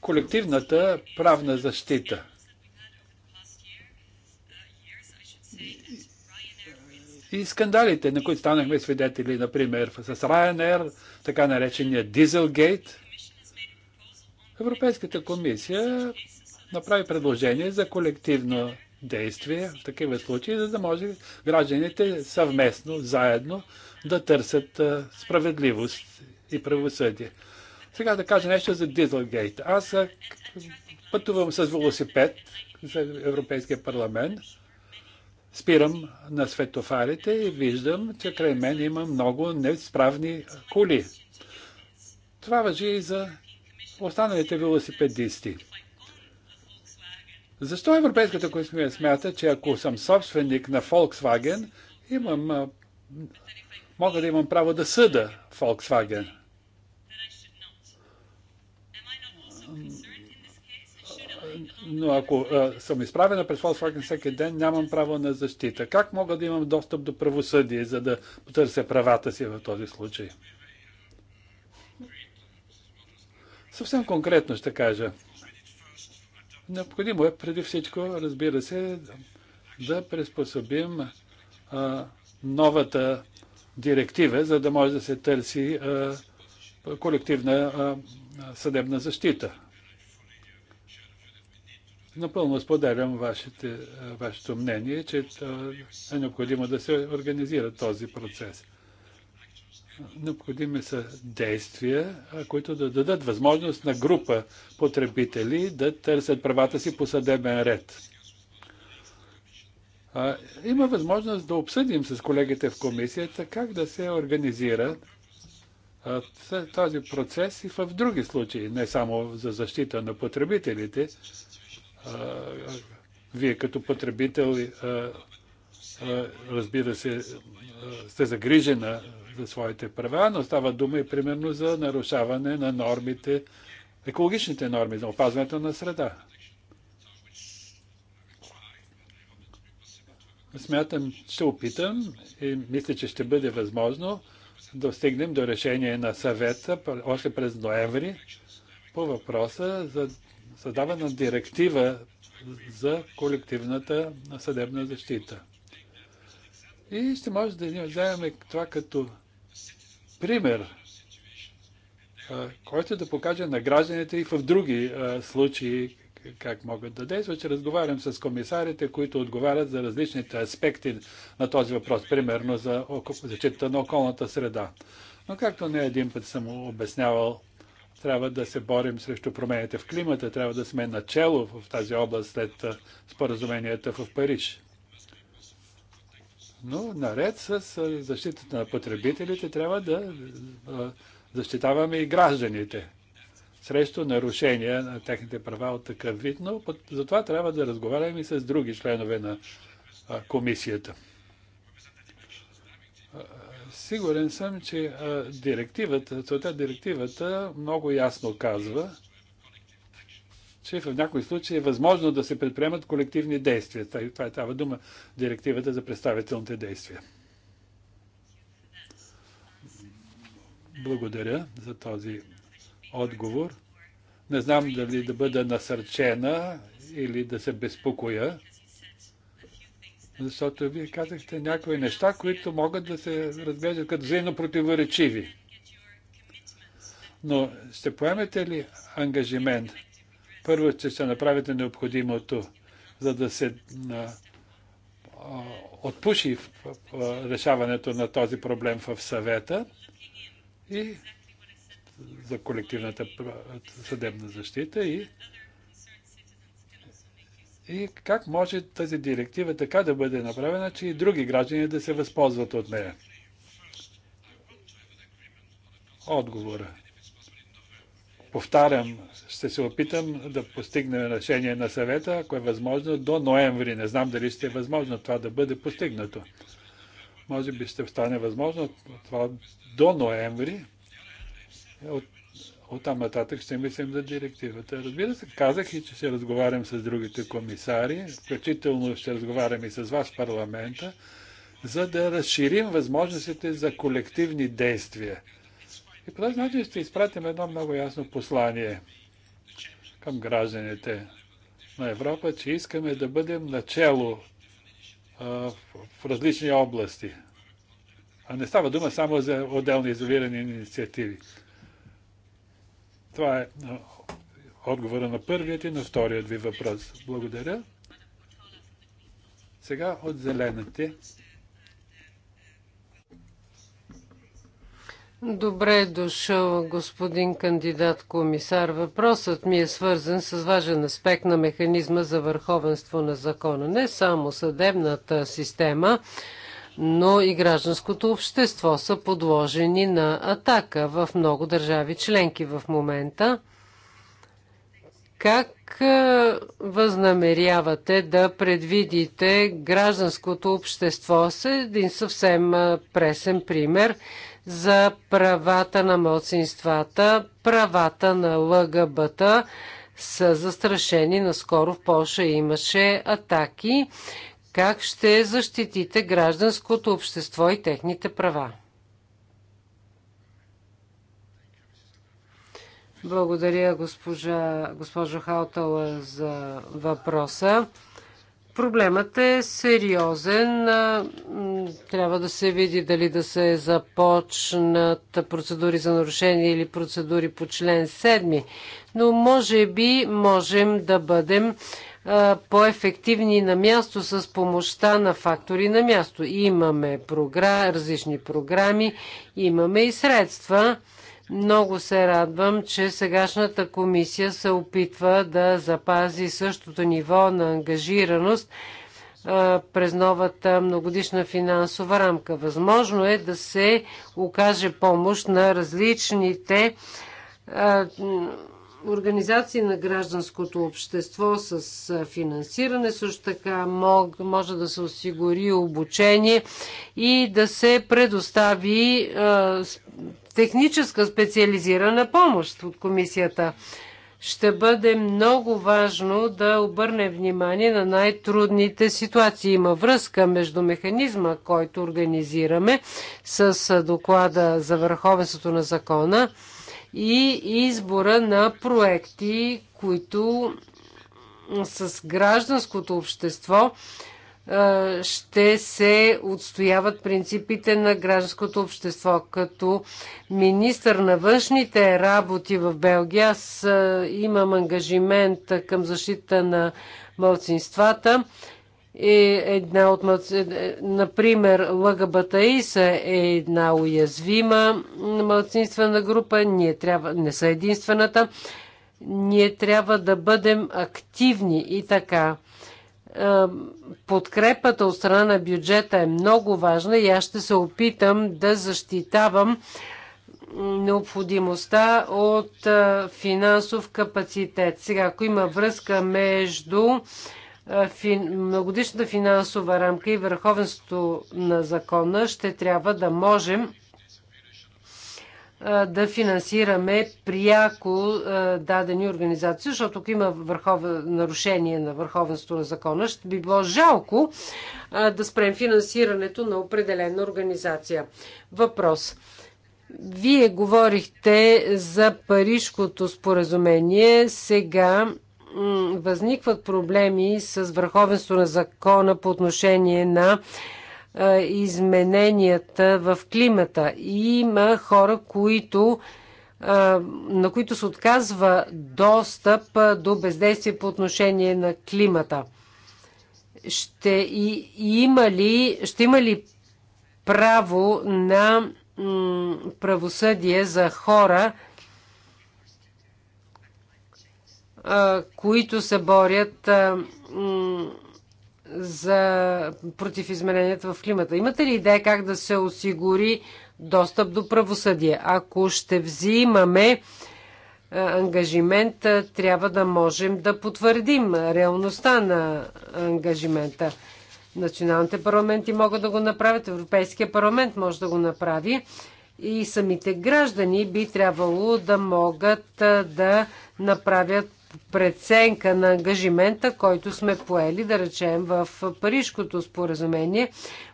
колективната правна защита. И скандалите, на които станахме свидетели, например, с Ryanair, така наречения Дизелгейт, Европейската комисия направи предложение за колективно действия в такива случаи, за да може гражданите съвместно, заедно да търсят справедливост и правосъдие. Сега да кажа нещо за Дизелгейт. Аз пътувам с велосипед за Европейския парламент, спирам на светофарите и виждам, че край мен има много несправни коли. Това въжи и за останалите велосипедисти. Защо Европейската комисия смята, че ако съм собственик на Volkswagen, имам, мога да имам право да съда Volkswagen? но ако а, съм изправена пред Volkswagen всеки ден, нямам право на защита. Как мога да имам достъп до правосъдие, за да потърся правата си в този случай? Съвсем конкретно ще кажа. Необходимо е преди всичко, разбира се, да приспособим а, новата директива, за да може да се търси а, колективна а, съдебна защита. Напълно споделям вашето мнение, че е необходимо да се организира този процес необходими са действия, които да дадат възможност на група потребители да търсят правата си по съдебен ред. Има възможност да обсъдим с колегите в комисията как да се организира този процес и в други случаи, не само за защита на потребителите. Вие като потребител, разбира се, сте загрижена за своите права, но става дума и примерно за нарушаване на нормите, екологичните норми за опазването на среда. Смятам, ще опитам и мисля, че ще бъде възможно да стигнем до решение на съвета още през ноември по въпроса за създаване на директива за колективната съдебна защита. И ще може да ни вземем това като пример, който да покаже на гражданите и в други случаи как могат да действат. Ще разговарям с комисарите, които отговарят за различните аспекти на този въпрос, примерно за защита на околната среда. Но както не един път съм обяснявал, трябва да се борим срещу промените в климата, трябва да сме начало в тази област след споразуменията в Париж. Но наред с защитата на потребителите трябва да защитаваме и гражданите срещу нарушения на техните права от такъв вид, но затова трябва да разговаряме и с други членове на комисията. Сигурен съм, че директивата, целта директивата много ясно казва, че в някои случаи е възможно да се предприемат колективни действия. Това е тава дума директивата за представителните действия. Благодаря за този отговор. Не знам дали да бъда насърчена или да се безпокоя, защото вие казахте някои неща, които могат да се разглеждат като взаимно противоречиви. Но ще поемете ли ангажимент първо, че ще направите необходимото, за да се отпуши в, а, решаването на този проблем в съвета и за колективната съдебна защита и и как може тази директива така да бъде направена, че и други граждани да се възползват от нея? Отговора повтарям, ще се опитам да постигнем решение на съвета, ако е възможно, до ноември. Не знам дали ще е възможно това да бъде постигнато. Може би ще стане възможно това до ноември. От, от там нататък ще мислим за директивата. Разбира се, казах и, че ще разговарям с другите комисари, включително ще разговарям и с вас в парламента, за да разширим възможностите за колективни действия и по този начин ще изпратим едно много ясно послание към гражданите на Европа, че искаме да бъдем начало в различни области. А не става дума само за отделни изолирани инициативи. Това е отговора на първият и на вторият ви въпрос. Благодаря. Сега от зелените. Добре е дошъл, господин кандидат комисар. Въпросът ми е свързан с важен аспект на механизма за върховенство на закона. Не само съдебната система, но и гражданското общество са подложени на атака в много държави членки в момента. Как е, възнамерявате да предвидите гражданското общество с един съвсем е, пресен пример? за правата на младсинствата, правата на ЛГБТ са застрашени. Наскоро в Польша имаше атаки. Как ще защитите гражданското общество и техните права? Благодаря, госпожа, госпожо Хаутала, за въпроса. Проблемът е сериозен. Трябва да се види дали да се започнат процедури за нарушение или процедури по член 7. Но може би можем да бъдем по-ефективни на място с помощта на фактори на място. Имаме програ... различни програми, имаме и средства. Много се радвам, че сегашната комисия се опитва да запази същото ниво на ангажираност през новата многодишна финансова рамка. Възможно е да се окаже помощ на различните организации на гражданското общество с финансиране. Също така мог, може да се осигури обучение и да се предостави е, техническа специализирана помощ от комисията. Ще бъде много важно да обърне внимание на най-трудните ситуации. Има връзка между механизма, който организираме с доклада за върховенството на закона и избора на проекти, които с гражданското общество ще се отстояват принципите на гражданското общество. Като министър на външните работи в Белгия, аз имам ангажимент към защита на мълцинствата е една от, е, е, например, ЛГБТИ са е една уязвима малцинствена група. Ние трябва, не са единствената. Ние трябва да бъдем активни и така. Е, подкрепата от страна на бюджета е много важна и аз ще се опитам да защитавам необходимостта от финансов капацитет. Сега, ако има връзка между фин, многодишната финансова рамка и върховенството на закона ще трябва да можем да финансираме пряко дадени организации, защото ако има нарушение на върховенство на закона, ще би било жалко да спрем финансирането на определена организация. Въпрос. Вие говорихте за Парижкото споразумение. Сега възникват проблеми с върховенство на закона по отношение на измененията в климата. И има хора, които, на които се отказва достъп до бездействие по отношение на климата. Ще, и, има, ли, ще има ли право на правосъдие за хора, които се борят за, против измененията в климата. Имате ли идея как да се осигури достъп до правосъдие? Ако ще взимаме ангажимент, трябва да можем да потвърдим реалността на ангажимента. Националните парламенти могат да го направят, Европейския парламент може да го направи и самите граждани би трябвало да могат да направят преценка на ангажимента, който сме поели, да речем, в Парижкото споразумение.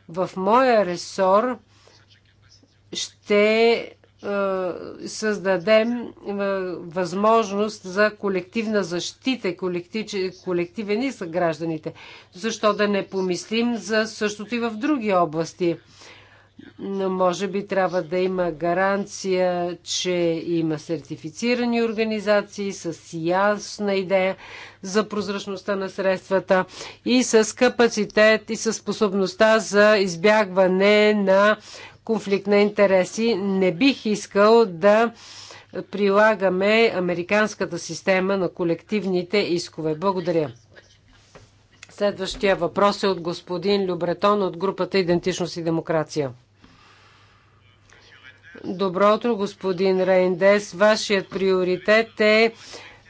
В моя ресор ще е, създадем е, възможност за колективна защита, колектив, колективен и са гражданите. Защо да не помислим за същото и в други области? но може би трябва да има гаранция, че има сертифицирани организации с ясна идея за прозрачността на средствата и с капацитет и с способността за избягване на конфликт на интереси. Не бих искал да прилагаме американската система на колективните искове. Благодаря. Следващия въпрос е от господин Любретон от групата Идентичност и демокрация. Добро утро, господин Рейндес. Вашият приоритет е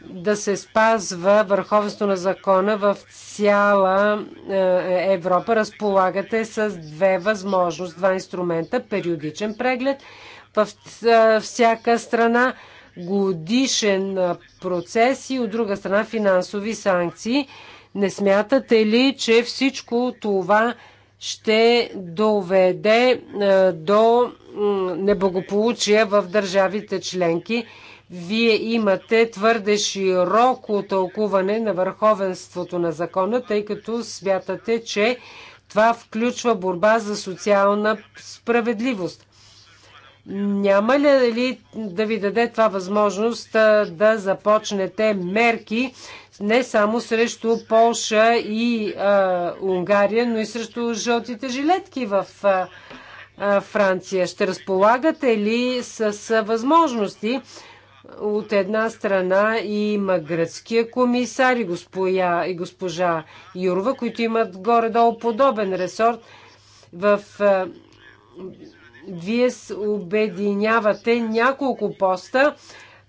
да се спазва върховенство на закона в цяла е, Европа. Разполагате с две възможности, два инструмента. Периодичен преглед в е, всяка страна, годишен е, процес и от друга страна финансови санкции. Не смятате ли, че всичко това е ще доведе е, до неблагополучие в държавите членки. Вие имате твърде широко тълкуване на върховенството на закона, тъй като смятате, че това включва борба за социална справедливост. Няма ли да ви даде това възможност е, да започнете мерки не само срещу Полша и а, Унгария, но и срещу жълтите жилетки в а, Франция. Ще разполагате ли с възможности? От една страна има гръцкия комисар и, госпоя, и госпожа Юрова, които имат горе-долу подобен ресорт. В, а, вие обединявате няколко поста.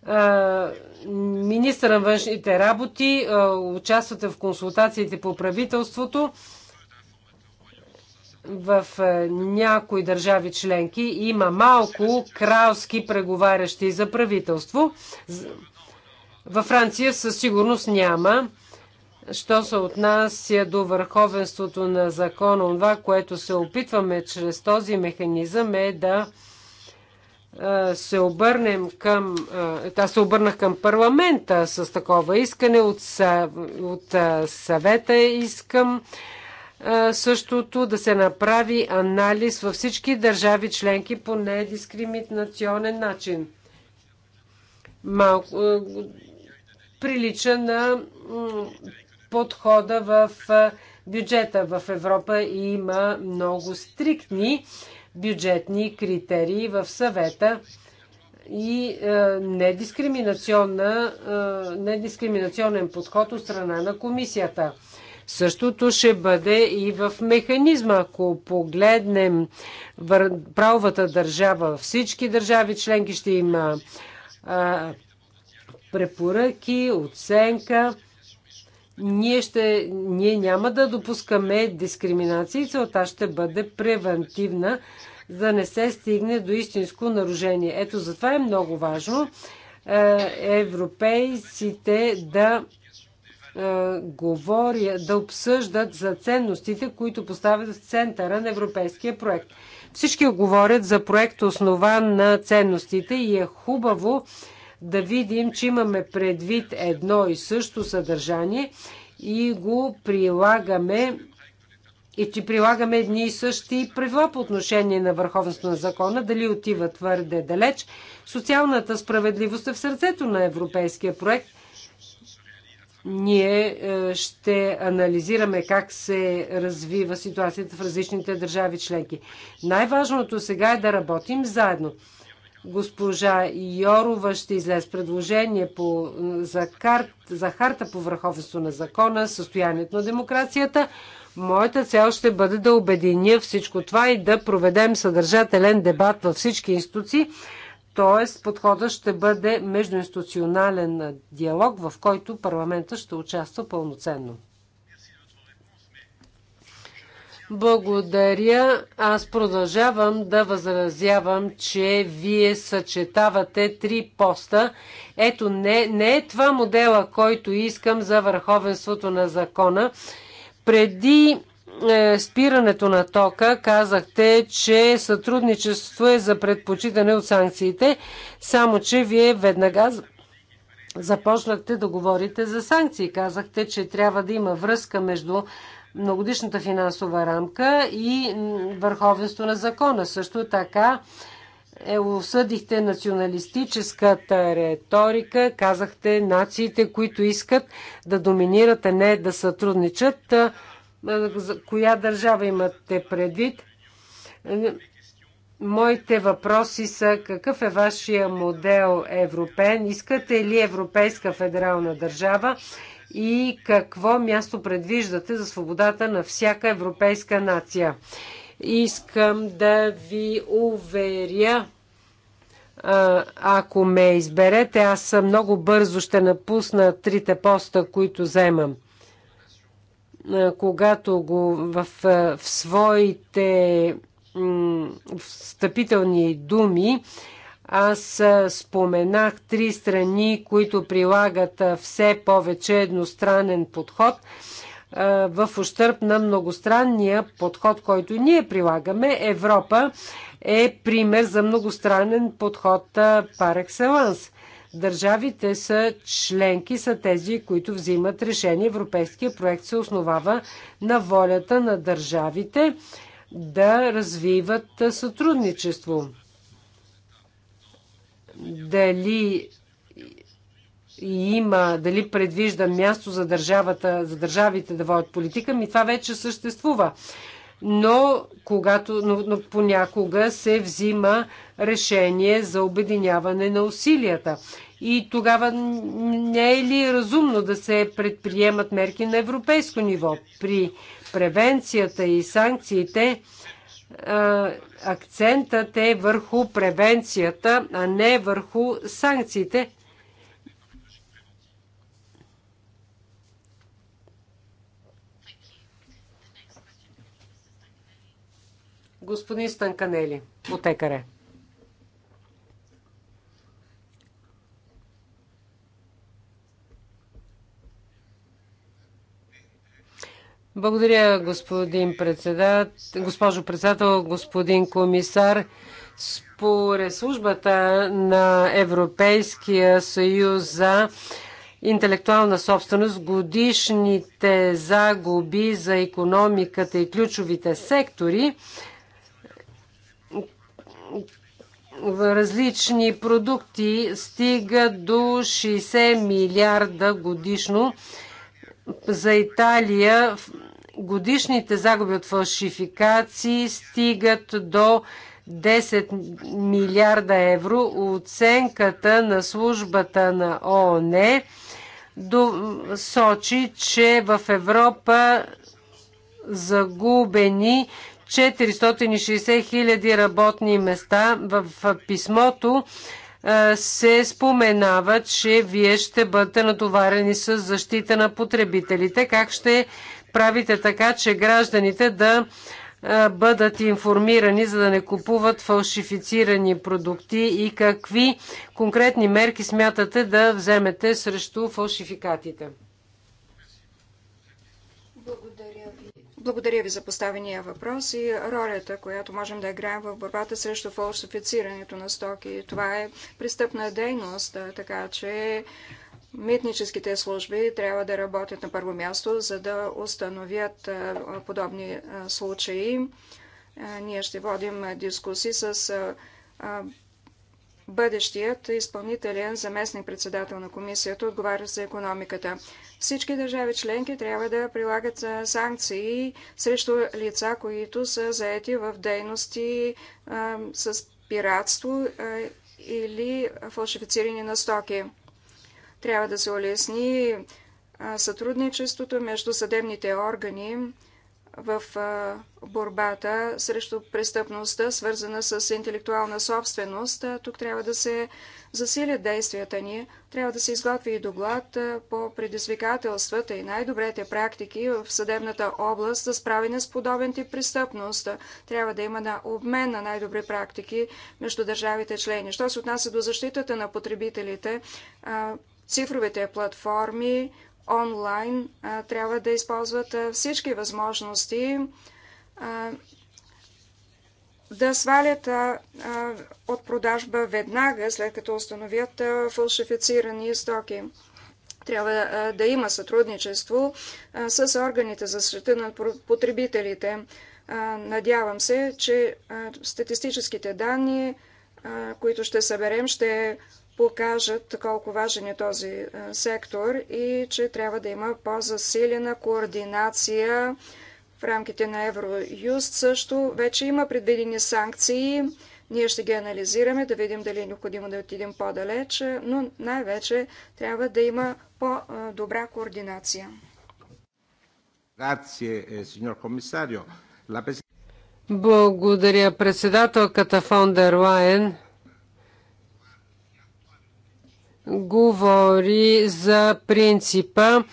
А, министър на външните работи, участвате в консултациите по правителството в някои държави членки има малко кралски преговарящи за правителство. Във Франция със сигурност няма. Що се отнася до върховенството на закона, това, което се опитваме чрез този механизъм е да се обърнем към... Аз се обърнах към парламента с такова искане от, от съвета. Искам същото да се направи анализ във всички държави членки по недискриминационен начин. Малко, прилича на подхода в бюджета. В Европа има много стриктни бюджетни критерии в съвета и е, е, недискриминационен подход от страна на комисията. Същото ще бъде и в механизма. Ако погледнем правовата държава, всички държави членки ще има е, препоръки, оценка ние, ще, ние няма да допускаме дискриминация и целта ще бъде превентивна, за да не се стигне до истинско нарушение. Ето затова е много важно е, европейците да е, говорят, да обсъждат за ценностите, които поставят в центъра на европейския проект. Всички говорят за проект основан на ценностите и е хубаво да видим, че имаме предвид едно и също съдържание и го прилагаме и че прилагаме едни и същи правила по отношение на върховенство на закона, дали отива твърде далеч. Социалната справедливост е в сърцето на европейския проект. Ние е, ще анализираме как се развива ситуацията в различните държави членки. Най-важното сега е да работим заедно. Госпожа Йорова ще излезе предложение по, за, карт, за харта по върховенство на закона, състоянието на демокрацията. Моята цел ще бъде да обединя всичко това и да проведем съдържателен дебат във всички институции. Тоест, подходът ще бъде междуинституционален диалог, в който парламента ще участва пълноценно. Благодаря. Аз продължавам да възразявам, че вие съчетавате три поста. Ето, не, не е това модела, който искам за върховенството на закона. Преди е, спирането на тока казахте, че сътрудничество е за предпочитане от санкциите, само че вие веднага започнахте да говорите за санкции. Казахте, че трябва да има връзка между многодишната финансова рамка и върховенство на закона. Също така е, осъдихте националистическата риторика, казахте нациите, които искат да доминират, а не да сътрудничат. За коя държава имате предвид? Моите въпроси са какъв е вашия модел европен? Искате ли Европейска федерална държава и какво място предвиждате за свободата на всяка европейска нация. Искам да ви уверя, ако ме изберете, аз много бързо ще напусна трите поста, които вземам, Когато го в, в своите встъпителни думи аз споменах три страни, които прилагат все повече едностранен подход в ущърп на многостранния подход, който ние прилагаме. Европа е пример за многостранен подход пар екселанс. Държавите са членки, са тези, които взимат решение. Европейския проект се основава на волята на държавите да развиват сътрудничество дали има, дали предвижда място за държавата, за държавите да водят политика, ми това вече съществува. Но, когато, но, но понякога се взима решение за обединяване на усилията. И тогава не е ли разумно да се предприемат мерки на европейско ниво? При превенцията и санкциите акцентът е върху превенцията, а не върху санкциите. Господин Станканели от ЕКАРЕ. Благодаря, господин председател, госпожо председател, господин комисар. Според службата на Европейския съюз за интелектуална собственост, годишните загуби за економиката и ключовите сектори, различни продукти стигат до 60 милиарда годишно. За Италия годишните загуби от фалшификации стигат до 10 милиарда евро. Оценката на службата на ООН до, сочи, че в Европа загубени 460 хиляди работни места. В писмото се споменава, че вие ще бъдете натоварени с защита на потребителите. Как ще правите така, че гражданите да бъдат информирани, за да не купуват фалшифицирани продукти и какви конкретни мерки смятате да вземете срещу фалшификатите? Благодаря ви. Благодаря ви за поставения въпрос и ролята, която можем да играем в борбата срещу фалшифицирането на стоки. Това е престъпна дейност, така че Митническите служби трябва да работят на първо място, за да установят подобни случаи. Ние ще водим дискусии с бъдещият изпълнителен заместник-председател на комисията, отговаря за економиката. Всички държави членки трябва да прилагат санкции срещу лица, които са заети в дейности с пиратство или фалшифициране на стоки. Трябва да се улесни сътрудничеството между съдебните органи в борбата срещу престъпността, свързана с интелектуална собственост. Тук трябва да се засилят действията ни. Трябва да се изготви и доклад по предизвикателствата и най-добрите практики в съдебната област за справяне с подобен тип престъпност. Трябва да има на обмен на най-добри практики между държавите члени. Що се отнася до защитата на потребителите, цифровите платформи онлайн трябва да използват всички възможности да свалят от продажба веднага, след като установят фалшифицирани стоки. Трябва да има сътрудничество с органите за защита на потребителите. Надявам се, че статистическите данни, които ще съберем, ще покажат колко важен е този е, сектор и че трябва да има по-засилена координация в рамките на Евроюст. Също вече има предвидени санкции. Ние ще ги анализираме, да видим дали е необходимо да отидем по-далеч, но най-вече трябва да има по-добра координация. Eh, Благодаря председателката фон дер Лайен говори за принципа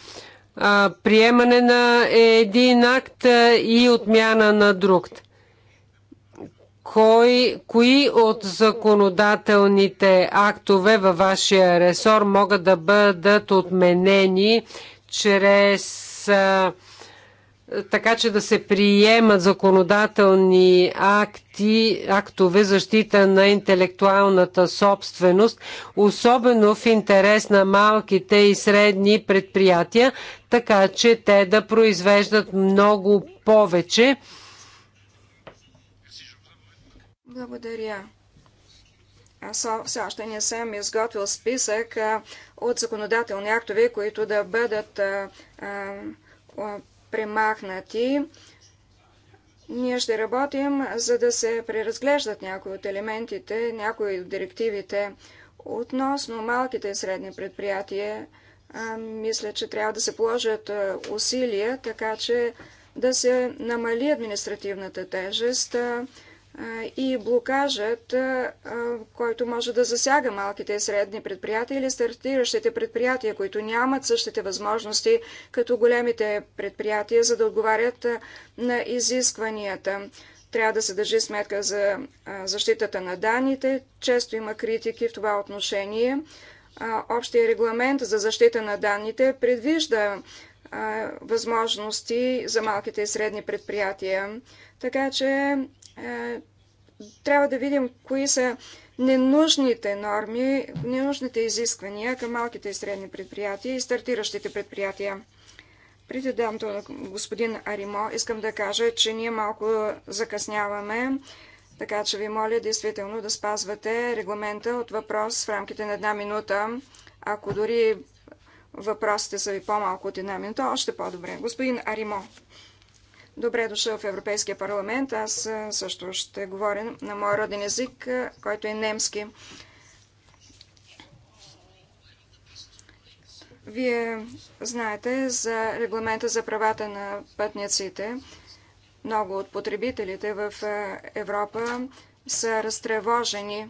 а, приемане на един акт и отмяна на друг. Кой, кои от законодателните актове във вашия ресор могат да бъдат отменени чрез а, така че да се приемат законодателни акти, актове защита на интелектуалната собственост, особено в интерес на малките и средни предприятия, така че те да произвеждат много повече. Благодаря. Аз все още не съм изготвил списък от законодателни актове, които да бъдат премахнати. Ние ще работим, за да се преразглеждат някои от елементите, някои от директивите. Относно малките и средни предприятия, мисля, че трябва да се положат усилия, така че да се намали административната тежест, и блокажът, който може да засяга малките и средни предприятия или стартиращите предприятия, които нямат същите възможности като големите предприятия, за да отговарят на изискванията. Трябва да се държи сметка за защитата на данните. Често има критики в това отношение. Общия регламент за защита на данните предвижда възможности за малките и средни предприятия. Така че е, трябва да видим кои са ненужните норми, ненужните изисквания към малките и средни предприятия и стартиращите предприятия. Преди дам на господин Аримо, искам да кажа, че ние малко закъсняваме, така че ви моля действително да спазвате регламента от въпрос в рамките на една минута. Ако дори въпросите са ви по-малко от една минута, още по-добре. Господин Аримо. Добре е дошъл в Европейския парламент. Аз също ще говоря на моя роден език, който е немски. Вие знаете за регламента за правата на пътниците. Много от потребителите в Европа са разтревожени.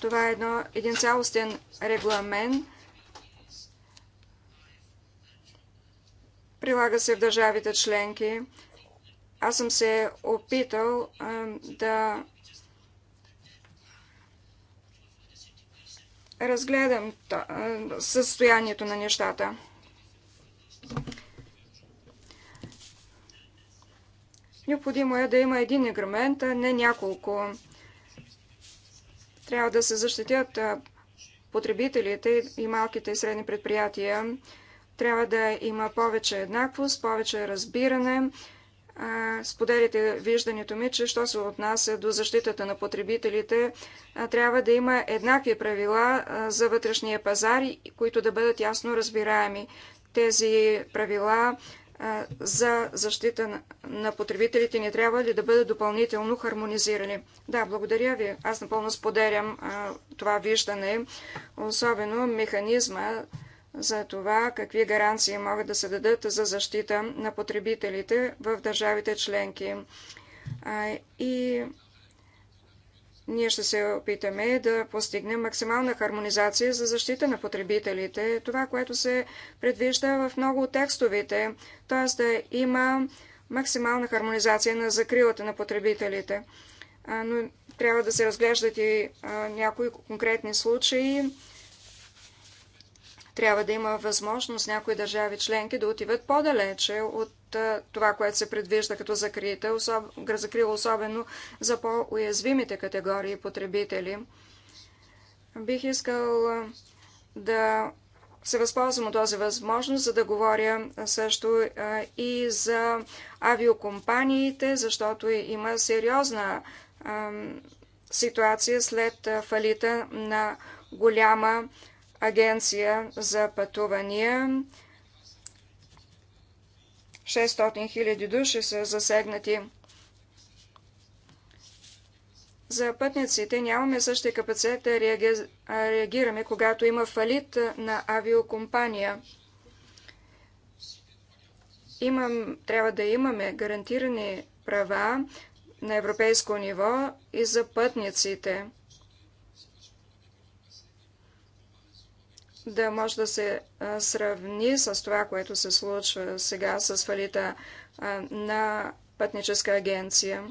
Това е едно, един цялостен регламент, прилага се в държавите членки. Аз съм се опитал да разгледам състоянието на нещата. Необходимо е да има един игромент, а не няколко. Трябва да се защитят потребителите и малките и средни предприятия трябва да има повече еднаквост, повече разбиране. Споделите виждането ми, че що се отнася до защитата на потребителите, трябва да има еднакви правила за вътрешния пазар, които да бъдат ясно разбираеми. Тези правила за защита на потребителите не трябва ли да бъдат допълнително хармонизирани. Да, благодаря ви. Аз напълно споделям това виждане, особено механизма за това какви гаранции могат да се дадат за защита на потребителите в държавите членки. И ние ще се опитаме да постигнем максимална хармонизация за защита на потребителите. Това, което се предвижда в много от текстовете, т.е. да има максимална хармонизация на закрилата на потребителите. Но трябва да се разглеждат и някои конкретни случаи трябва да има възможност някои държави членки да отиват по-далече от това, което се предвижда като закрита, особ... закрила особено за по-уязвимите категории потребители. Бих искал да се възползвам от тази възможност, за да говоря също и за авиокомпаниите, защото има сериозна ситуация след фалита на голяма агенция за пътувания. 600 000 души са засегнати. За пътниците нямаме същия капацитет да реагираме, когато има фалит на авиокомпания. Имам, трябва да имаме гарантирани права на европейско ниво и за пътниците. да може да се сравни с това, което се случва сега с фалита на пътническа агенция.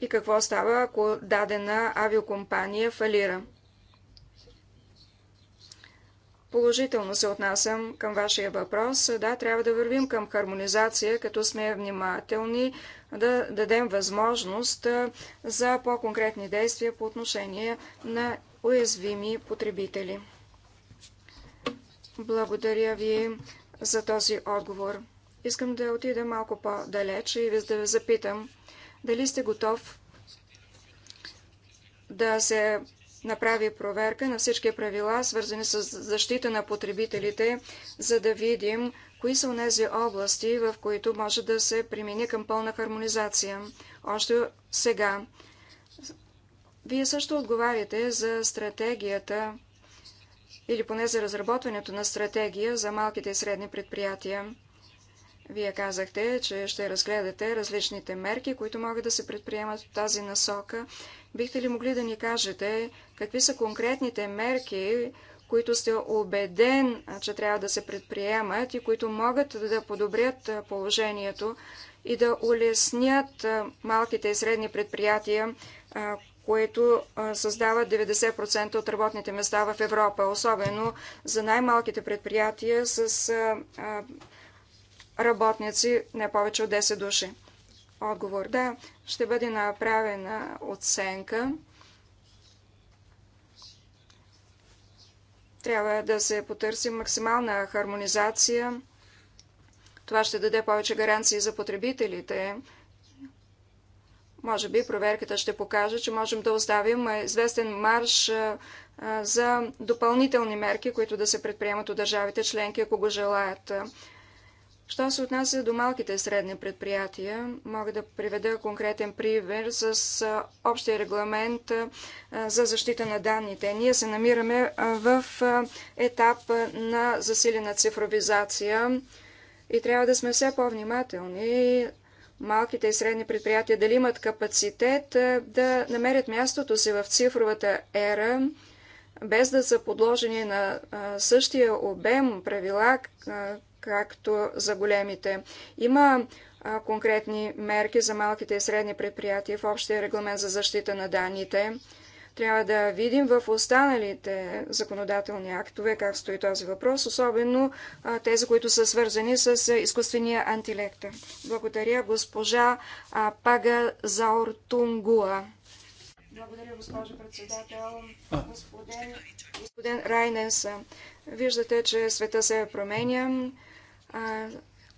И какво става, ако дадена авиокомпания фалира? Положително се отнасям към вашия въпрос. Да, трябва да вървим към хармонизация, като сме внимателни да дадем възможност за по-конкретни действия по отношение на уязвими потребители. Благодаря ви за този отговор. Искам да отида малко по-далеч и да ви запитам дали сте готов да се направи проверка на всички правила, свързани с защита на потребителите, за да видим кои са тези области, в които може да се примени към пълна хармонизация. Още сега вие също отговаряте за стратегията или поне за разработването на стратегия за малките и средни предприятия. Вие казахте, че ще разгледате различните мерки, които могат да се предприемат в тази насока. Бихте ли могли да ни кажете какви са конкретните мерки, които сте убеден, че трябва да се предприемат и които могат да подобрят положението и да улеснят малките и средни предприятия, което създава 90% от работните места в Европа, особено за най-малките предприятия с работници не повече от 10 души. Отговор да, ще бъде направена оценка. Трябва да се потърси максимална хармонизация. Това ще даде повече гаранции за потребителите може би проверката ще покаже, че можем да оставим е, известен марш е, е, за допълнителни мерки, които да се предприемат от държавите членки, ако го желаят. Що се отнася до малките и средни предприятия, мога да приведа конкретен пример с общия регламент за защита на данните. Ние се намираме в етап на засилена цифровизация и трябва да сме все по-внимателни малките и средни предприятия дали имат капацитет е, да намерят мястото си в цифровата ера, без да са подложени на същия обем правила, както за големите. Има конкретни мерки за малките и средни предприятия в общия регламент за защита на данните. Трябва да видим в останалите законодателни актове как стои този въпрос, особено тези, които са свързани с изкуствения антилект. Благодаря госпожа Пага Заортунгуа. Благодаря, госпожо председател. Господин, господин Райнес, виждате, че света се променя,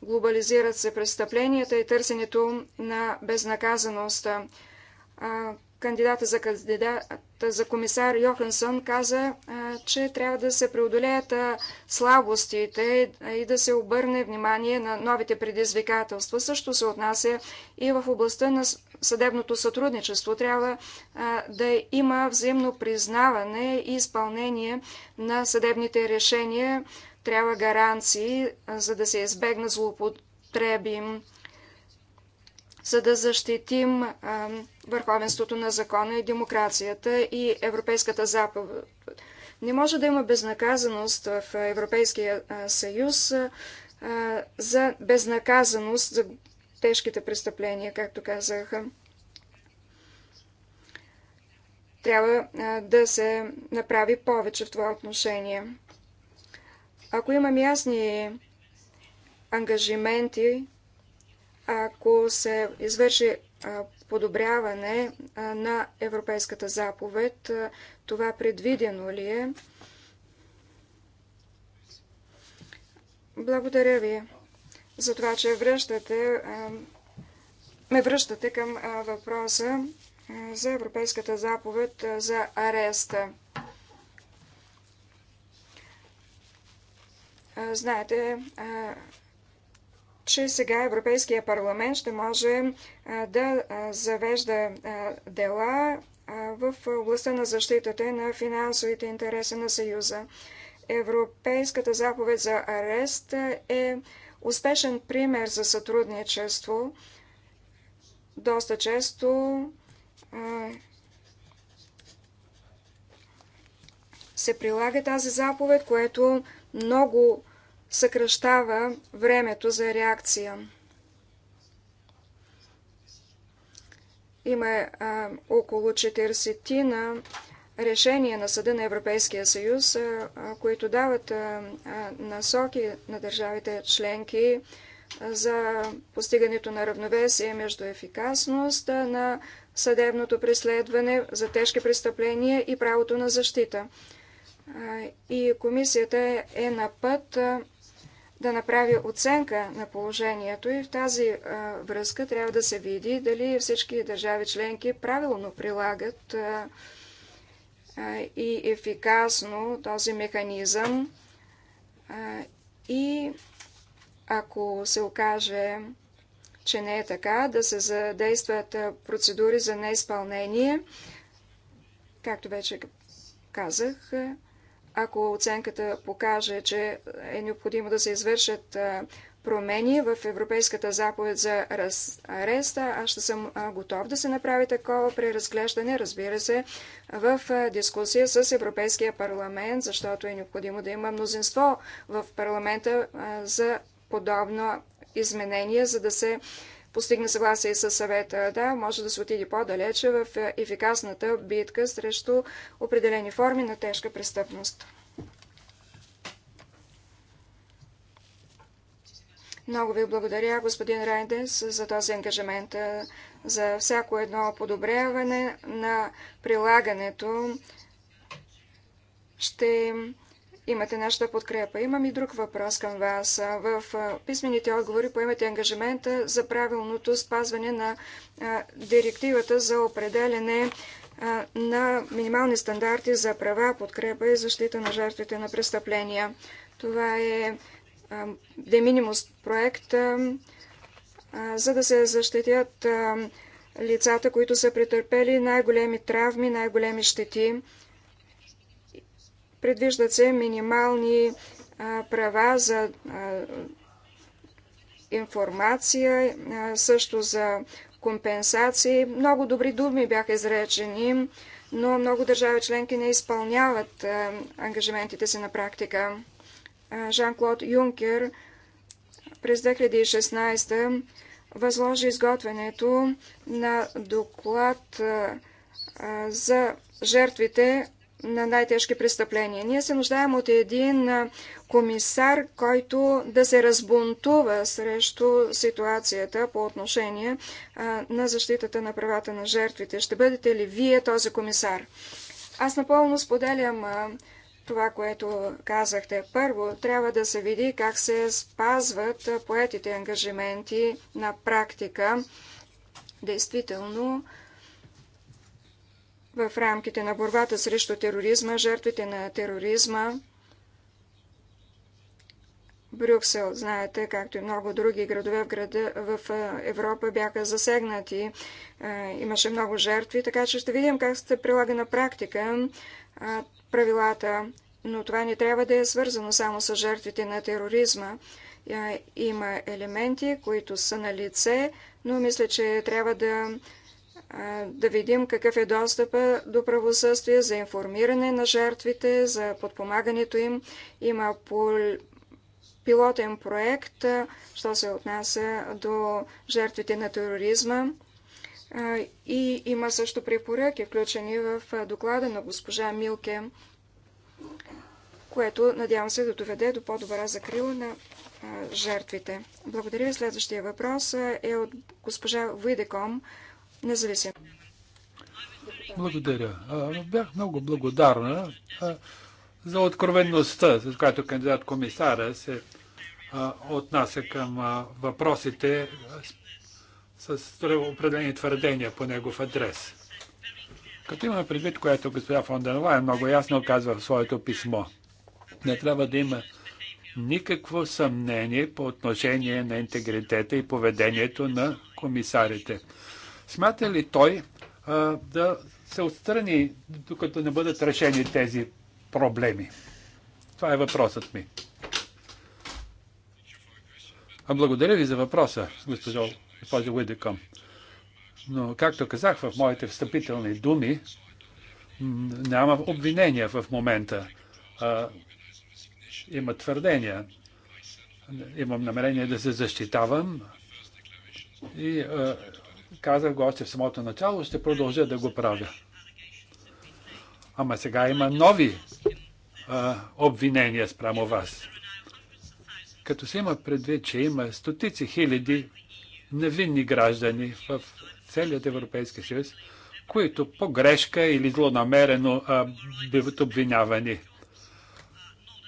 глобализират се престъпленията и търсенето на безнаказаността кандидата за кандидата за комисар Йохансън каза, че трябва да се преодолеят слабостите и да се обърне внимание на новите предизвикателства. Също се отнася и в областта на съдебното сътрудничество. Трябва да има взаимно признаване и изпълнение на съдебните решения. Трябва гаранции, за да се избегнат злоупотреби за да защитим върховенството на закона и демокрацията и Европейската заповед. Не може да има безнаказаност в Европейския съюз за безнаказаност за тежките престъпления, както казаха. Трябва да се направи повече в това отношение. Ако имам ясни ангажименти ако се извърши подобряване на Европейската заповед, това предвидено ли е? Благодаря ви за това, че връщате, ме връщате към въпроса за Европейската заповед за ареста. Знаете, че сега Европейския парламент ще може да завежда дела в областта на защитата на финансовите интереси на Съюза. Европейската заповед за арест е успешен пример за сътрудничество. Доста често се прилага тази заповед, което много съкръщава времето за реакция. Има а, около 40 на решения на Съда на Европейския съюз, а, а, които дават а, а, насоки на държавите членки за постигането на равновесие между ефикасност на съдебното преследване за тежки престъпления и правото на защита. и комисията е на път да направи оценка на положението и в тази а, връзка трябва да се види дали всички държави членки правилно прилагат а, а, и ефикасно този механизъм а, и ако се окаже, че не е така, да се задействат процедури за неизпълнение, както вече казах, ако оценката покаже, че е необходимо да се извършат промени в Европейската заповед за ареста, аз ще съм готов да се направи такова преразглеждане, разбира се, в дискусия с Европейския парламент, защото е необходимо да има мнозинство в парламента за подобно изменение, за да се постигне съгласие с съвета. Да, може да се отиде по-далече в е, ефикасната битка срещу определени форми на тежка престъпност. Много ви благодаря, господин Райдес, за този ангажимент, е, за всяко едно подобряване на прилагането. Ще имате нашата подкрепа. Имам и друг въпрос към вас. В писмените отговори поемате ангажимента за правилното спазване на директивата за определене на минимални стандарти за права, подкрепа и защита на жертвите на престъпления. Това е де минимус проект, за да се защитят лицата, които са претърпели най-големи травми, най-големи щети. Предвиждат се минимални права за информация, също за компенсации. Много добри думи бяха изречени, но много държави членки не изпълняват ангажиментите си на практика. Жан-Клод Юнкер през 2016 възложи изготвянето на доклад за жертвите на най-тежки престъпления. Ние се нуждаем от един комисар, който да се разбунтува срещу ситуацията по отношение на защитата на правата на жертвите. Ще бъдете ли вие този комисар? Аз напълно споделям това, което казахте. Първо, трябва да се види как се спазват поетите ангажименти на практика. Действително, в рамките на борбата срещу тероризма, жертвите на тероризма. Брюксел, знаете, както и много други градове в, града, в Европа бяха засегнати. Имаше много жертви, така че ще видим как се прилага на практика правилата. Но това не трябва да е свързано само с жертвите на тероризма. Има елементи, които са на лице, но мисля, че трябва да да видим какъв е достъпа до правосъствие, за информиране на жертвите, за подпомагането им. Има пилотен проект, що се отнася до жертвите на тероризма. И има също препоръки, включени в доклада на госпожа Милке, което надявам се да доведе до по-добра закрила на жертвите. Благодаря ви. Следващия въпрос е от госпожа Видеком независим. Благодаря. Бях много благодарна за откровенността, с която кандидат комисара се отнася към въпросите с, с определени твърдения по негов адрес. Като имаме предвид, което господа Фонденова е много ясно казва в своето писмо, не трябва да има никакво съмнение по отношение на интегритета и поведението на комисарите. Смята ли той а, да се отстрани, докато не бъдат решени тези проблеми? Това е въпросът ми. А благодаря ви за въпроса, госпожо, госпожо Уидекъм. Но, както казах в моите встъпителни думи, няма обвинения в момента. А, има твърдения. Имам намерение да се защитавам и а, Казах го още в самото начало, ще продължа да го правя. Ама сега има нови а, обвинения спрямо вас. Като се има предвид, че има стотици хиляди невинни граждани в целият Европейски съюз, които по грешка или злонамерено а, биват обвинявани.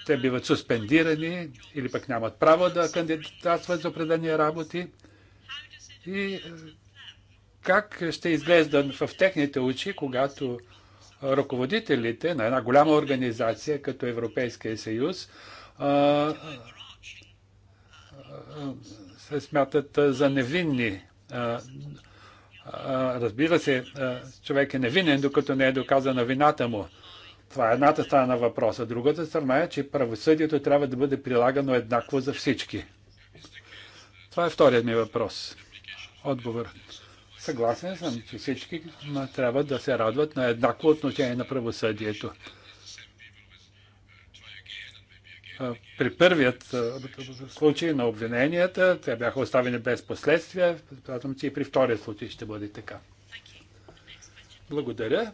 Те биват суспендирани или пък нямат право да кандидатстват за определени работи. И как ще изглежда в техните очи, когато ръководителите на една голяма организация като Европейския съюз а, се смятат за невинни. Разбира се, човек е невинен, докато не е доказана вината му. Това е едната страна на въпроса. Другата страна е, че правосъдието трябва да бъде прилагано еднакво за всички. Това е вторият ми въпрос. Отговорът. Съгласен съм, че всички трябва да се радват на еднакво отношение на правосъдието. При първият случай на обвиненията, те бяха оставени без последствия, предполагам, че и при втория случай ще бъде така. Благодаря.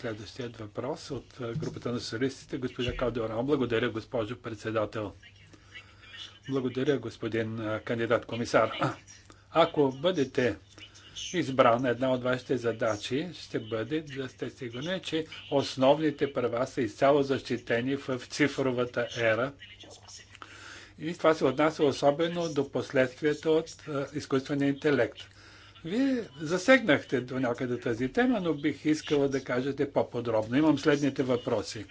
Следващият въпрос от групата на социалистите, госпожа Калдеорам. Благодаря, госпожо председател. Благодаря, господин кандидат комисар. Ако бъдете избрана една от вашите задачи ще бъде да сте сигурни, че основните права са изцяло защитени в цифровата ера. И това се отнася особено до последствията от е, изкуствения интелект. Вие засегнахте до някъде тази тема, но бих искала да кажете по-подробно. Имам следните въпроси.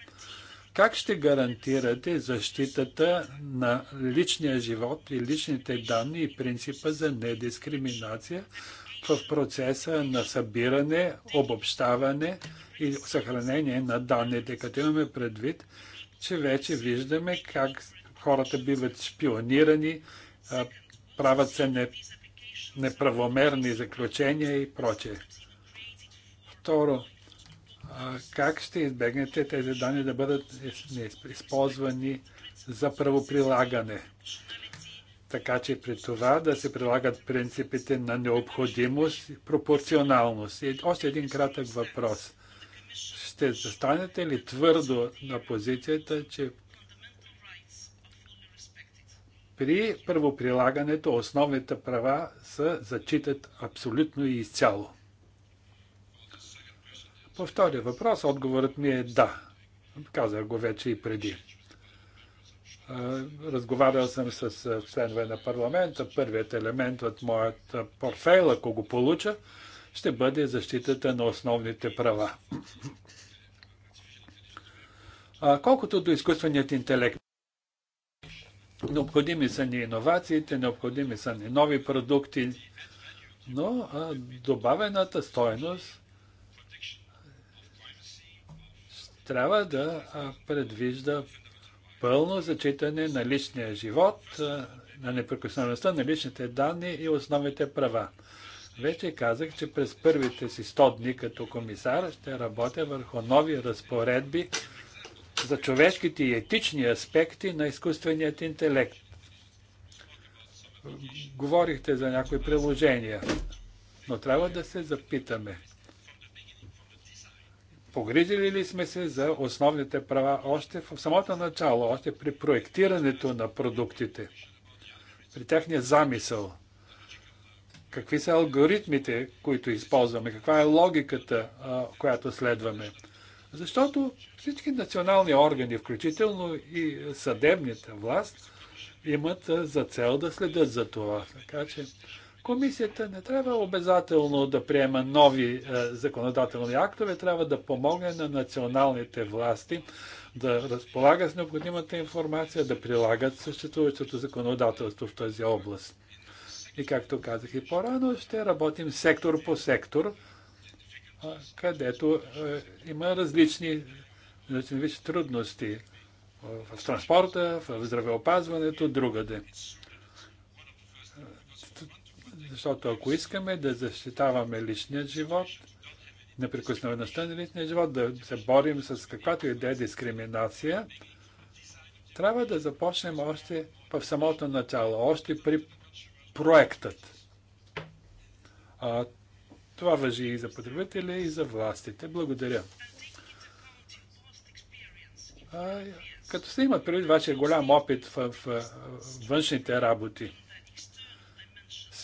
Как ще гарантирате защитата на личния живот и личните данни и принципа за недискриминация в процеса на събиране, обобщаване и съхранение на данните, като имаме предвид, че вече виждаме как хората биват шпионирани, правят се неправомерни заключения и прочее. Второ, как ще избегнете тези данни да бъдат използвани за правоприлагане? така че при това да се прилагат принципите на необходимост и пропорционалност. И още един кратък въпрос. Ще застанете ли твърдо на позицията, че при първоприлагането основните права се зачитат абсолютно и изцяло? По втория въпрос отговорът ми е да. Казах го вече и преди. Разговарял съм с членове на парламента. Първият елемент от моят портфейл, ако го получа, ще бъде защитата на основните права. А, колкото до изкуственият интелект, необходими са ни иновациите, необходими са ни нови продукти, но добавената стоеност трябва да предвижда пълно зачитане на личния живот, на непрекосновеността на личните данни и основните права. Вече казах, че през първите си 100 дни като комисар ще работя върху нови разпоредби за човешките и етични аспекти на изкуственият интелект. Говорихте за някои приложения, но трябва да се запитаме – Погрижили ли сме се за основните права още в самото начало, още при проектирането на продуктите, при тяхния замисъл? Какви са алгоритмите, които използваме? Каква е логиката, която следваме? Защото всички национални органи, включително и съдебната власт, имат за цел да следят за това. Така че Комисията не трябва обязателно да приема нови е, законодателни актове, трябва да помогне на националните власти да разполагат с необходимата информация, да прилагат съществуващото законодателство в тази област. И както казах и по-рано, ще работим сектор по сектор, където е, има различни, различни трудности в транспорта, в здравеопазването, другаде. Защото ако искаме да защитаваме личният живот, неприкосновеността на личния живот, да се борим с каквато и да е дискриминация, трябва да започнем още в самото начало, още при проектът. А, това въжи и за потребителя, и за властите. Благодаря. А, като се имат преди вашия голям опит в, в, в външните работи,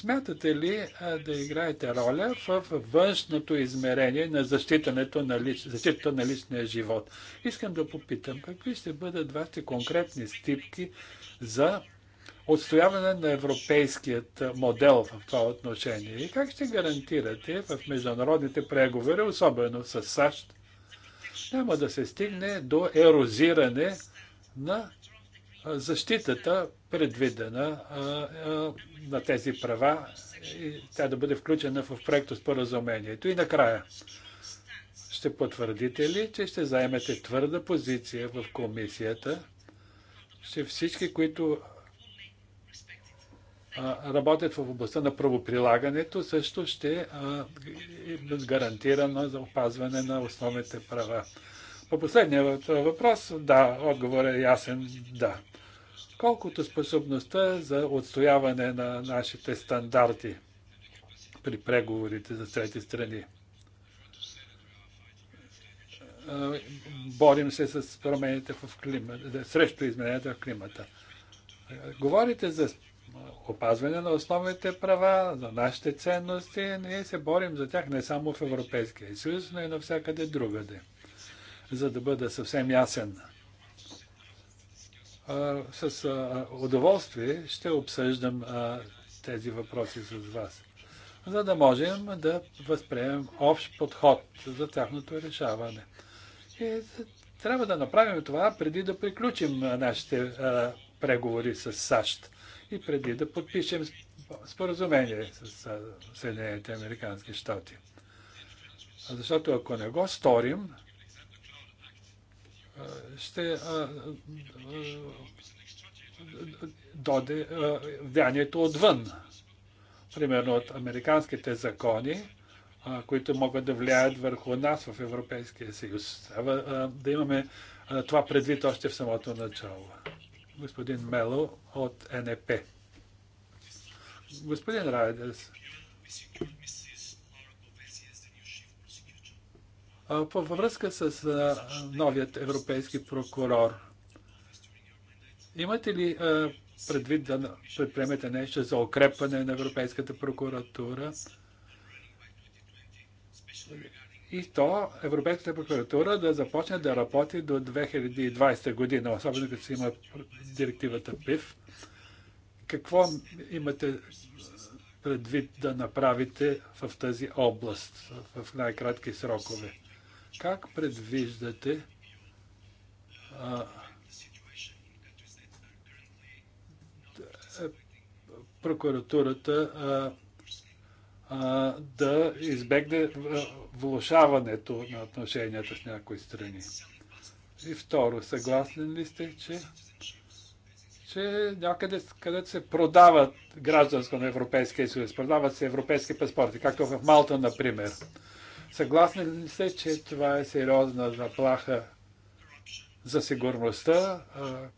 Смятате ли а, да играете роля в външното измерение на защитането на, лич... защитата на личния живот? Искам да попитам, какви ще бъдат вашите конкретни стипки за отстояване на европейският модел в това отношение? И как ще гарантирате в международните преговори, особено с САЩ, няма да се стигне до ерозиране на защитата, предвидена на тези права, и тя да бъде включена в проекто споразумението. И накрая, ще потвърдите ли, че ще заемете твърда позиция в комисията, че всички, които работят в областта на правоприлагането, също ще гарантирано за опазване на основните права. По последния въпрос, да, отговор е ясен, да. Колкото способността за отстояване на нашите стандарти при преговорите за трети страни. Борим се с промените в климата, срещу измененията в климата. Говорите за опазване на основните права, за нашите ценности. Ние се борим за тях не само в Европейския съюз, но и навсякъде другаде за да бъда съвсем ясен. С удоволствие ще обсъждам тези въпроси с вас, за да можем да възприемем общ подход за тяхното решаване. И трябва да направим това преди да приключим нашите преговори с САЩ и преди да подпишем споразумение с Съединените Американски щати. Защото ако не го сторим, ще доде влиянието отвън. Примерно от американските закони, които могат да влияят върху нас в Европейския съюз. Трябва да имаме това предвид още в самото начало. Господин Мело от НЕП. Господин Райдес, във връзка с новият европейски прокурор. Имате ли предвид да предприемете нещо за укрепване на Европейската прокуратура? И то Европейската прокуратура да започне да работи до 2020 година, особено като има директивата ПИФ, Какво имате предвид да направите в тази област в най-кратки срокове? Как предвиждате а, е, прокуратурата а, а, да избегне влушаването на отношенията с някои страни? И второ, съгласен ли сте, че, че някъде където се продават гражданство на Европейския съюз, продават се европейски паспорти, както в Малта, например? Съгласни ли сте, че това е сериозна заплаха за сигурността,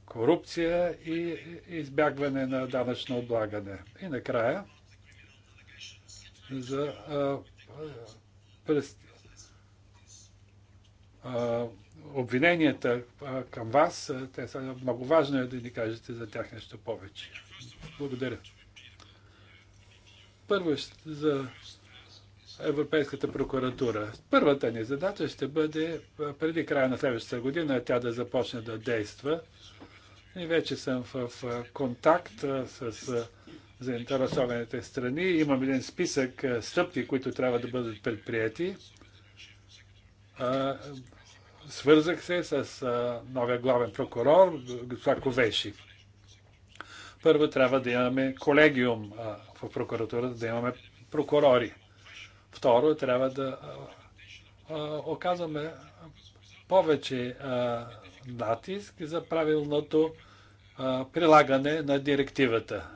корупция и избягване на данъчно облагане? И накрая за обвиненията към вас, те са много важни е да ни кажете за тях нещо повече. Благодаря. Първо е за Европейската прокуратура. Първата ни задача ще бъде преди края на следващата година тя да започне да действа. И вече съм в контакт с заинтересованите страни. Имам един списък стъпки, които трябва да бъдат предприяти. Свързах се с новия главен прокурор, господин Ковеши. Първо трябва да имаме колегиум в прокуратурата, да имаме прокурори. Второ, трябва да оказваме повече натиск за правилното прилагане на директивата.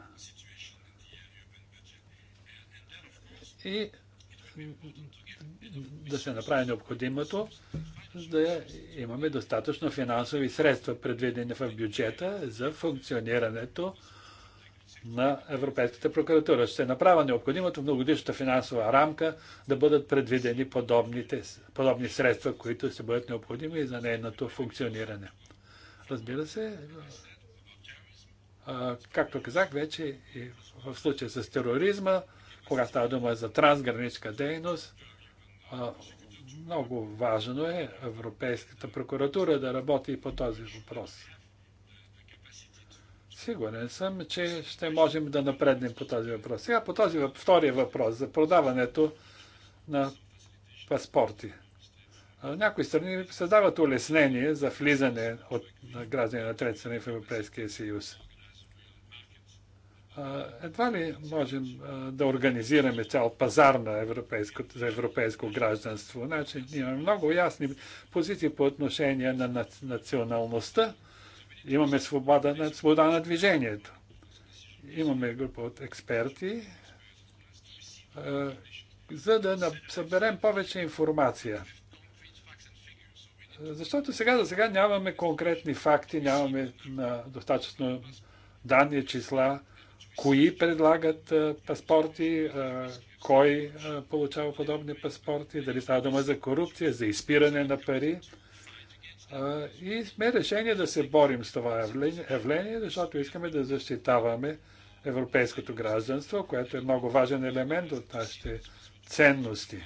И да се направи необходимото, да имаме достатъчно финансови средства, предвидени в бюджета за функционирането на Европейската прокуратура. Ще направя необходимото в многодишната финансова рамка да бъдат предвидени подобните, подобни средства, които ще бъдат необходими за нейното функциониране. Разбира се, както казах вече, и в случая с тероризма, кога става дума за трансгранична дейност, много важно е Европейската прокуратура да работи по този въпрос. Сигурен съм, че ще можем да напреднем по този въпрос. Сега по този втория въпрос за продаването на паспорти. Някои страни създават улеснение за влизане от граждани на трети страни в Европейския съюз. Едва ли можем да организираме цял пазар на европейско, за европейско гражданство? Значи, имаме много ясни позиции по отношение на националността Имаме свобода на, свобода на движението. Имаме група от експерти, а, за да съберем повече информация. Защото сега за сега нямаме конкретни факти, нямаме на достатъчно данни, числа, кои предлагат а, паспорти, а, кой а, получава подобни паспорти, дали става дума за корупция, за изпиране на пари. И сме решени да се борим с това явление, защото искаме да защитаваме европейското гражданство, което е много важен елемент от нашите ценности.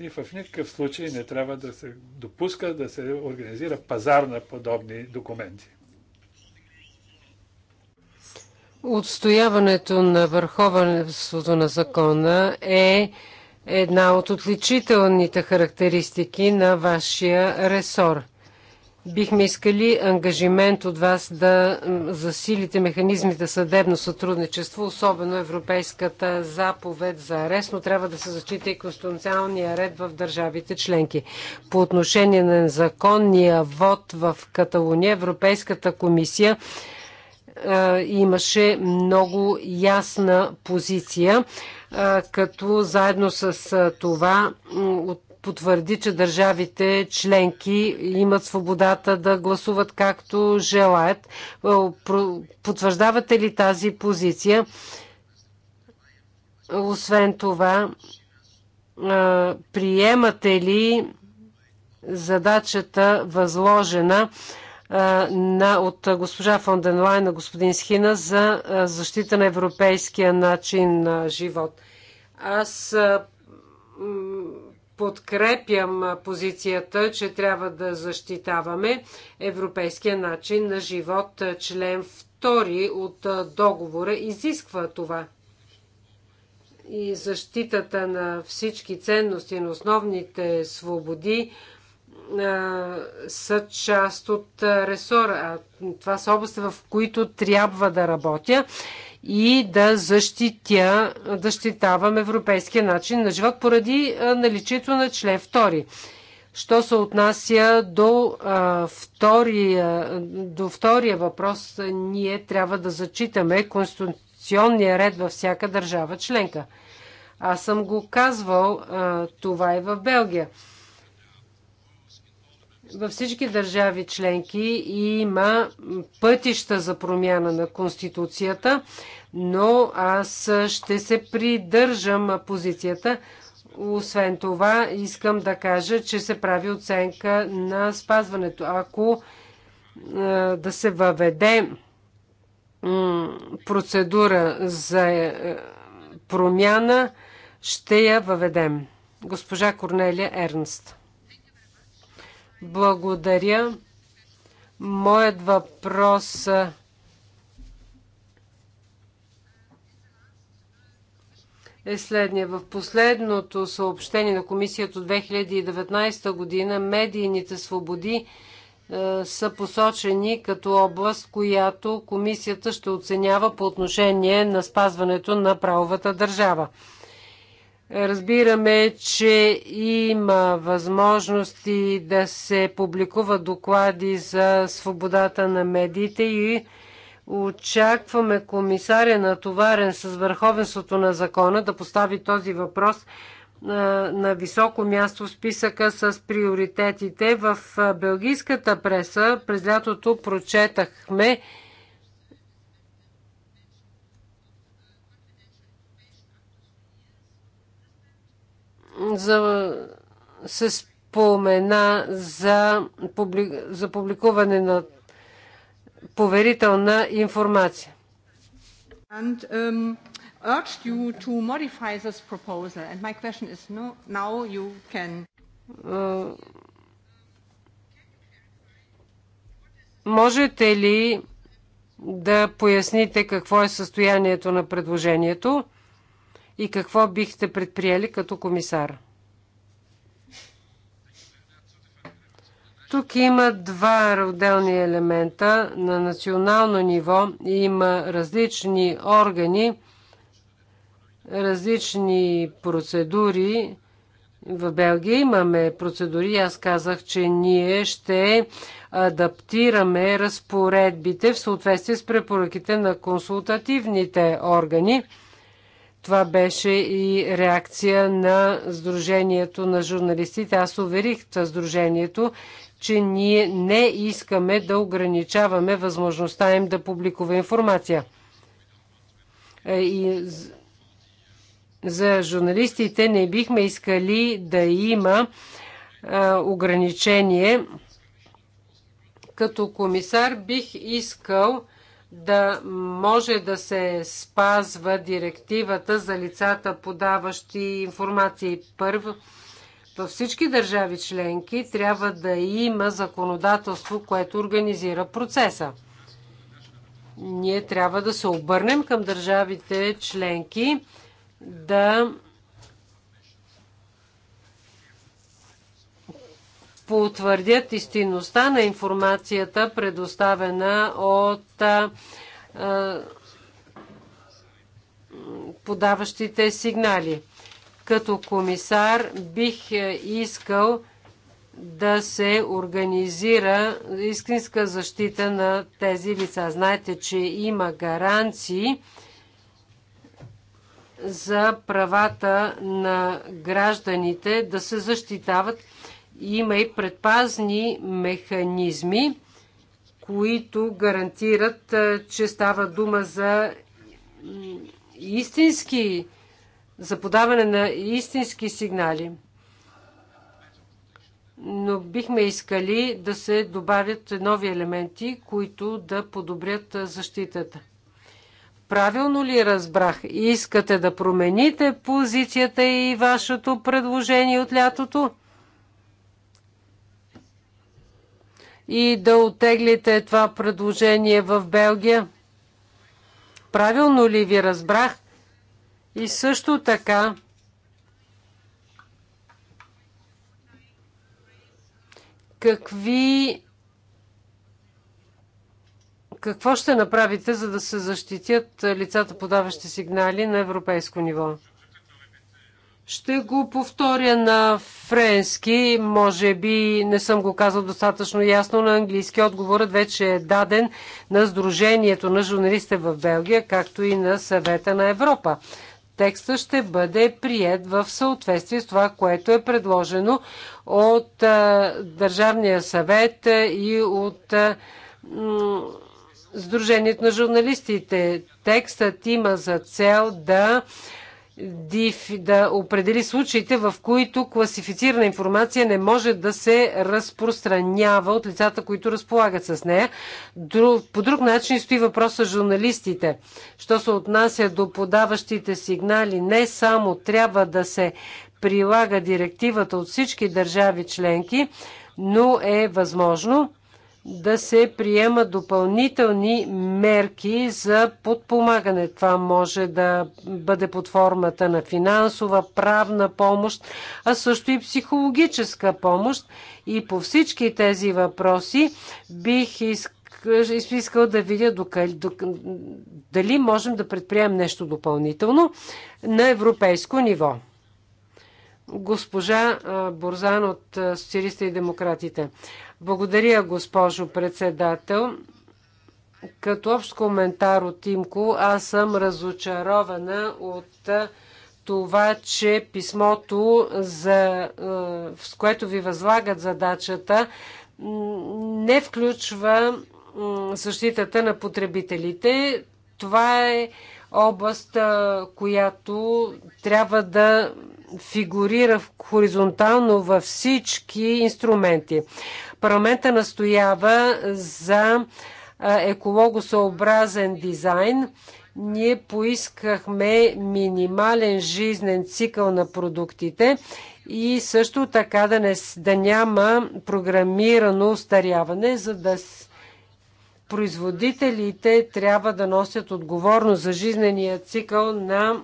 И в никакъв случай не трябва да се допуска да се организира пазар на подобни документи. Отстояването на върховенството на закона е една от отличителните характеристики на вашия ресор. Бихме искали ангажимент от вас да засилите механизмите съдебно сътрудничество, особено Европейската заповед за арест, но трябва да се зачита и конституционния ред в държавите членки. По отношение на незаконния вод в Каталуния, Европейската комисия имаше много ясна позиция, като заедно с това от потвърди, че държавите членки имат свободата да гласуват както желаят. Потвърждавате ли тази позиция? Освен това, приемате ли задачата възложена на, от госпожа фон Денлайн на господин Схина за защита на европейския начин на живот? Аз подкрепям позицията, че трябва да защитаваме европейския начин на живот. Член 2 от договора изисква това. И защитата на всички ценности, на основните свободи са част от ресора. това са области, в които трябва да работя и да защитя, защитавам европейския начин на живот поради наличието на член 2. Що се отнася до, а, втория, до втория въпрос, ние трябва да зачитаме конституционния ред във всяка държава членка. Аз съм го казвал а, това е в Белгия. Във всички държави членки има пътища за промяна на Конституцията, но аз ще се придържам позицията. Освен това, искам да кажа, че се прави оценка на спазването. Ако е, да се въведе процедура за е, промяна, ще я въведем. Госпожа Корнелия Ернст. Благодаря. Моят въпрос е следния. В последното съобщение на комисията от 2019 година медийните свободи са посочени като област, която комисията ще оценява по отношение на спазването на правовата държава. Разбираме, че има възможности да се публикуват доклади за свободата на медиите и очакваме комисаря натоварен с върховенството на закона да постави този въпрос на, на високо място в списъка с приоритетите. В белгийската преса през лятото прочетахме, за, се спомена за, публи, за публикуване на поверителна информация. And, um, urged you to modify this proposal. And my question is, no, now you can. Uh, можете ли да поясните какво е състоянието на предложението? и какво бихте предприели като комисар? Тук има два отделни елемента. На национално ниво има различни органи, различни процедури. В Белгия имаме процедури. Аз казах, че ние ще адаптираме разпоредбите в съответствие с препоръките на консултативните органи. Това беше и реакция на Сдружението на журналистите. Аз уверих Сдружението, че ние не искаме да ограничаваме възможността им да публикува информация. Е, и за журналистите не бихме искали да има е, ограничение. Като комисар бих искал да може да се спазва директивата за лицата, подаващи информации. Първо, във всички държави членки трябва да има законодателство, което организира процеса. Ние трябва да се обърнем към държавите членки да потвърдят истинността на информацията, предоставена от подаващите сигнали. Като комисар бих е, искал да се организира истинска защита на тези лица. Знаете, че има гаранции за правата на гражданите да се защитават има и предпазни механизми, които гарантират, че става дума за истински, за подаване на истински сигнали. Но бихме искали да се добавят нови елементи, които да подобрят защитата. Правилно ли разбрах? Искате да промените позицията и вашето предложение от лятото? и да отеглите това предложение в Белгия? Правилно ли ви разбрах? И също така, какви какво ще направите, за да се защитят лицата, подаващи сигнали на европейско ниво? Ще го повторя на френски. Може би не съм го казал достатъчно ясно на английски. Отговорът вече е даден на Сдружението на журналистите в Белгия, както и на Съвета на Европа. Текстът ще бъде прият в съответствие с това, което е предложено от Държавния съвет и от Сдружението на журналистите. Текстът има за цел да да определи случаите, в които класифицирана информация не може да се разпространява от лицата, които разполагат с нея. По друг начин стои въпроса журналистите. Що се отнася до подаващите сигнали, не само трябва да се прилага директивата от всички държави членки, но е възможно да се приемат допълнителни мерки за подпомагане. Това може да бъде под формата на финансова, правна помощ, а също и психологическа помощ. И по всички тези въпроси бих искал да видя дали можем да предприемем нещо допълнително на европейско ниво. Госпожа Борзан от Социалиста и демократите. Благодаря, госпожо председател. Като общ коментар от Имко, аз съм разочарована от това, че писмото, за, с което ви възлагат задачата, не включва защитата на потребителите. Това е област, която трябва да фигурира хоризонтално във всички инструменти. Парламента настоява за екологосъобразен дизайн. Ние поискахме минимален жизнен цикъл на продуктите и също така да, не, да няма програмирано устаряване, за да производителите трябва да носят отговорност за жизнения цикъл на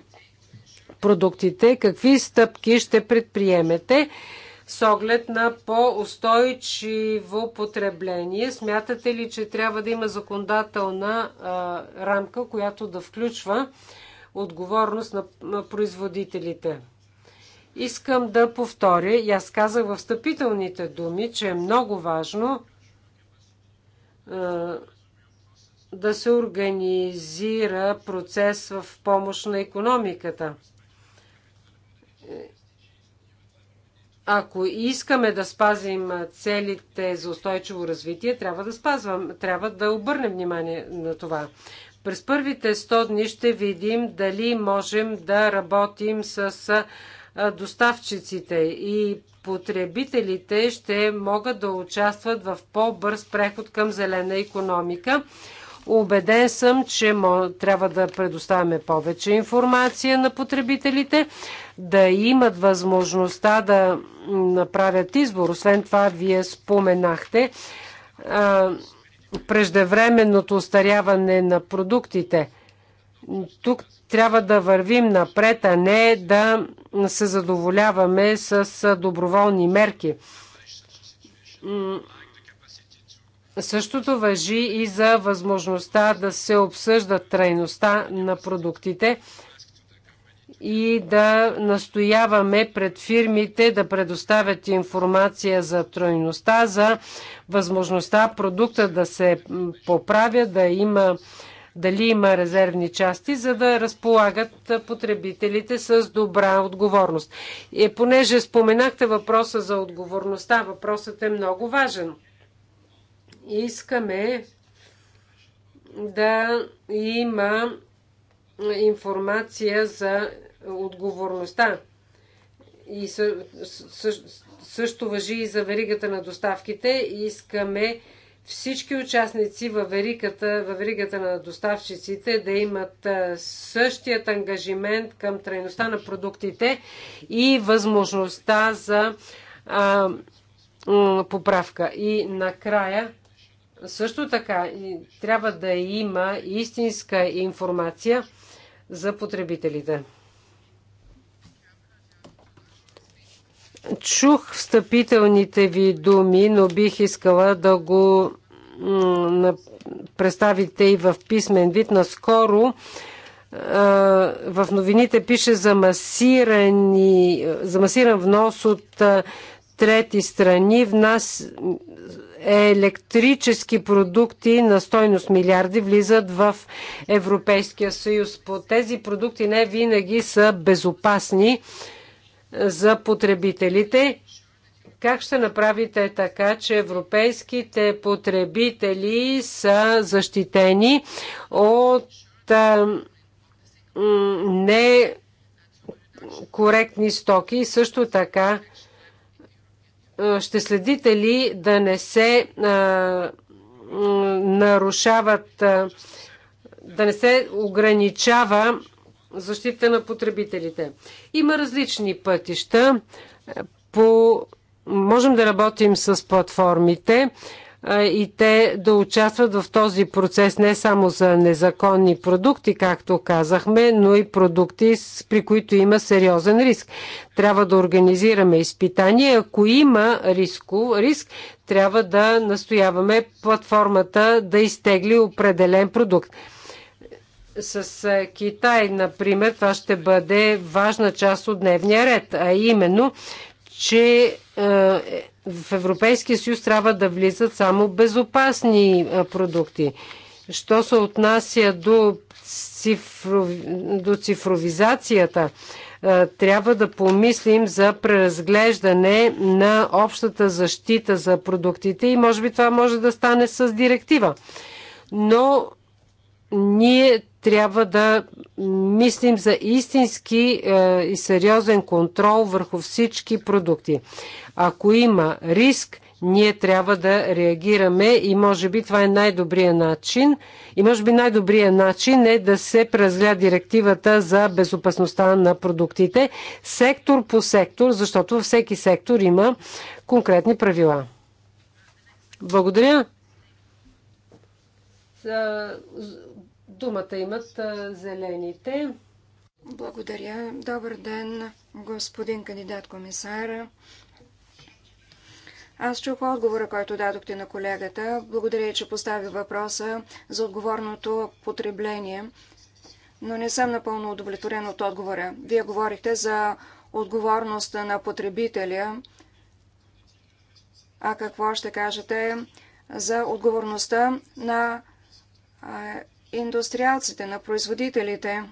продуктите. Какви стъпки ще предприемете с оглед на по-устойчиво потребление? Смятате ли, че трябва да има законодателна а, рамка, която да включва отговорност на, на производителите? Искам да повторя, и аз казах в встъпителните думи, че е много важно да се организира процес в помощ на економиката. Ако искаме да спазим целите за устойчиво развитие, трябва да спазвам, трябва да обърнем внимание на това. През първите 100 дни ще видим дали можем да работим с доставчиците и потребителите ще могат да участват в по-бърз преход към зелена економика, Обеден съм, че трябва да предоставяме повече информация на потребителите, да имат възможността да направят избор. Освен това, вие споменахте а, преждевременното устаряване на продуктите. Тук трябва да вървим напред, а не да се задоволяваме с доброволни мерки Същото въжи и за възможността да се обсъжда трайността на продуктите и да настояваме пред фирмите да предоставят информация за тройността, за възможността продукта да се поправя, да има дали има резервни части, за да разполагат потребителите с добра отговорност. И е, понеже споменахте въпроса за отговорността, въпросът е много важен. Искаме да има информация за отговорността. И също въжи и за веригата на доставките. Искаме всички участници във веригата, във веригата на доставчиците да имат същият ангажимент към трайността на продуктите и възможността за а, поправка. И накрая също така трябва да има истинска информация за потребителите. Чух встъпителните ви думи, но бих искала да го представите и в писмен вид. Наскоро в новините пише за, масирани, за масиран внос от трети страни. В нас електрически продукти на стойност милиарди влизат в Европейския съюз. По тези продукти не винаги са безопасни е, за потребителите. Как ще направите така, че европейските потребители са защитени от е, некоректни стоки и също така е, ще следите ли да не се а, е, нарушават, а, е, да не се ограничава защита на потребителите? Има различни пътища. По... Можем да работим с платформите и те да участват в този процес не само за незаконни продукти, както казахме, но и продукти, при които има сериозен риск. Трябва да организираме изпитания. Ако има риско, риск, трябва да настояваме платформата да изтегли определен продукт. С Китай, например, това ще бъде важна част от дневния ред, а именно, че е, в Европейския съюз трябва да влизат само безопасни продукти. Що се отнася до, цифров... до цифровизацията, трябва да помислим за преразглеждане на общата защита за продуктите и може би това може да стане с директива. Но ние трябва да мислим за истински е, и сериозен контрол върху всички продукти. Ако има риск, ние трябва да реагираме и може би това е най-добрият начин. И може би най-добрият начин е да се преразгледа директивата за безопасността на продуктите сектор по сектор, защото във всеки сектор има конкретни правила. Благодаря. Думата имат зелените. Благодаря. Добър ден, господин кандидат комисар. Аз чух отговора, който дадохте на колегата. Благодаря, че постави въпроса за отговорното потребление, но не съм напълно удовлетворен от отговора. Вие говорихте за отговорността на потребителя. А какво ще кажете за отговорността на индустриалците, на производителите.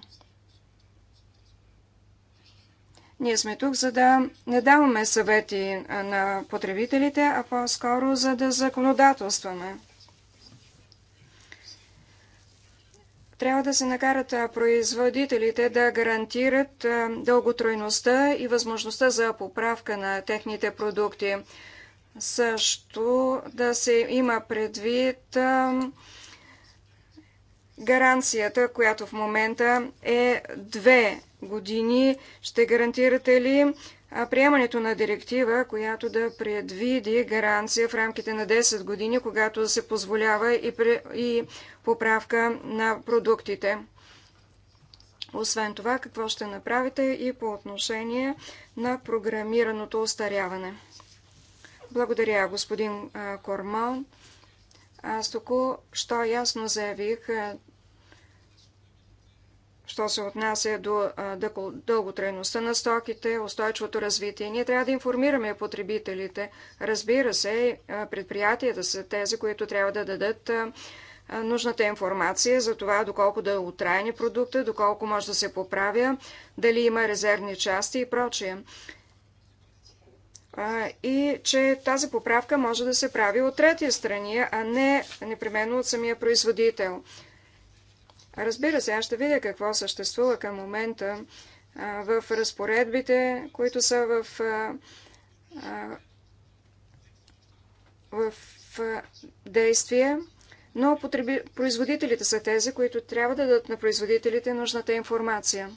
Ние сме тук, за да не даваме съвети на потребителите, а по-скоро за да законодателстваме. Трябва да се накарат производителите да гарантират дълготройността и възможността за поправка на техните продукти. Също да се има предвид гаранцията, която в момента е две години. Ще гарантирате ли приемането на директива, която да предвиди гаранция в рамките на 10 години, когато се позволява и, и поправка на продуктите? Освен това, какво ще направите и по отношение на програмираното остаряване? Благодаря, господин Кормал. Аз току-що ясно заявих, що се отнася до дълготрайността на стоките, устойчивото развитие. Ние трябва да информираме потребителите. Разбира се, предприятията са тези, които трябва да дадат нужната информация за това доколко да е отрайни продукта, доколко може да се поправя, дали има резервни части и прочие. И че тази поправка може да се прави от третия страни, а не непременно от самия производител. Разбира се, аз ще видя какво съществува към момента в разпоредбите, които са в, в действие, но производителите са тези, които трябва да дадат на производителите нужната информация.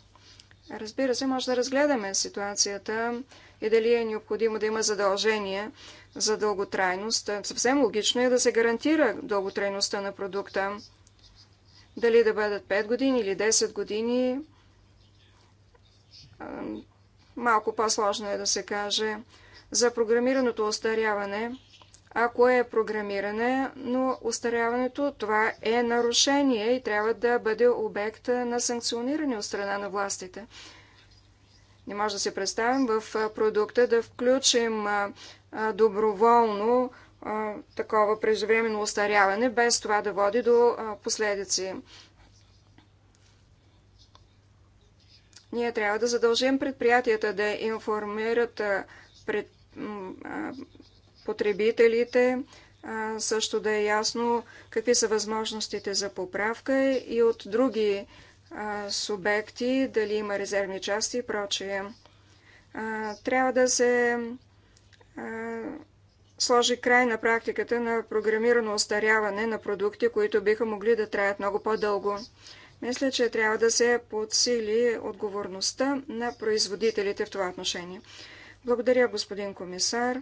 Разбира се, може да разгледаме ситуацията и дали е необходимо да има задължение за дълготрайност. Съвсем логично е да се гарантира дълготрайността на продукта дали да бъдат 5 години или 10 години, малко по-сложно е да се каже. За програмираното остаряване, ако е програмиране, но остаряването това е нарушение и трябва да бъде обект на санкциониране от страна на властите. Не може да се представим в продукта да включим доброволно такова преждевременно остаряване, без това да води до последици. Ние трябва да задължим предприятията да информират пред, потребителите, също да е ясно какви са възможностите за поправка и от други субекти, дали има резервни части и прочие. Трябва да се сложи край на практиката на програмирано остаряване на продукти, които биха могли да траят много по-дълго. Мисля, че трябва да се подсили отговорността на производителите в това отношение. Благодаря, господин комисар.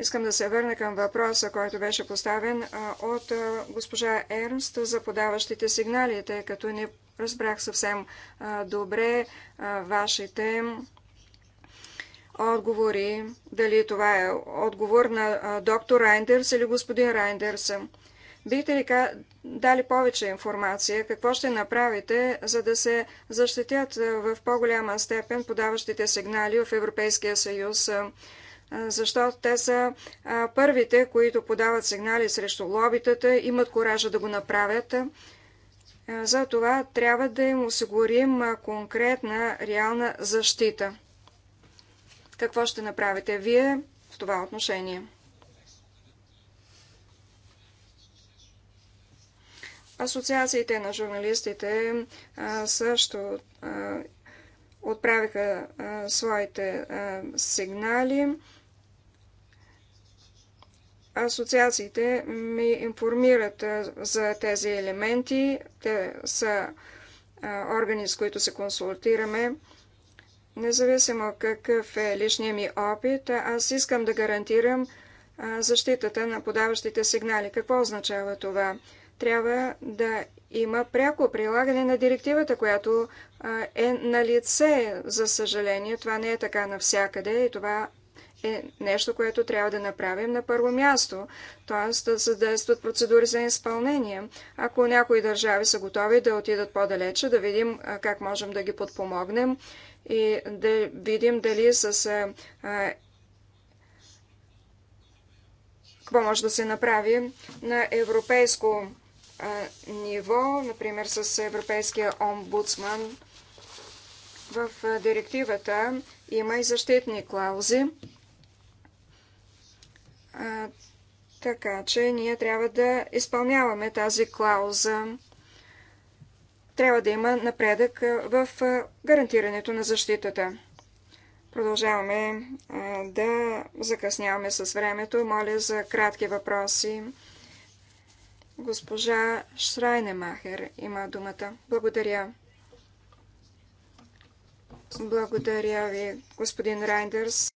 Искам да се върна към въпроса, който беше поставен от госпожа Ернст за подаващите сигнали, тъй като не разбрах съвсем добре вашите отговори, дали това е отговор на доктор Райндерс или господин Райндерс. Бихте ли дали повече информация? Какво ще направите, за да се защитят в по-голяма степен подаващите сигнали в Европейския съюз? Защото те са първите, които подават сигнали срещу лобитата, имат коража да го направят. За това трябва да им осигурим конкретна реална защита. Какво ще направите вие в това отношение? Асоциациите на журналистите също отправиха своите сигнали. Асоциациите ми информират за тези елементи. Те са органи, с които се консултираме. Независимо какъв е личният ми опит, аз искам да гарантирам защитата на подаващите сигнали. Какво означава това? Трябва да има пряко прилагане на директивата, която е на лице. За съжаление, това не е така навсякъде и това е нещо, което трябва да направим на първо място, т.е. да съдействат процедури за изпълнение. Ако някои държави са готови да отидат по-далече, да видим как можем да ги подпомогнем и да видим дали с а, какво може да се направи на европейско а, ниво, например с Европейския омбудсман. В директивата има и защитни клаузи. А, така че ние трябва да изпълняваме тази клауза трябва да има напредък в гарантирането на защитата. Продължаваме да закъсняваме с времето. Моля за кратки въпроси. Госпожа Шрайнемахер има думата. Благодаря. Благодаря ви, господин Райндърс.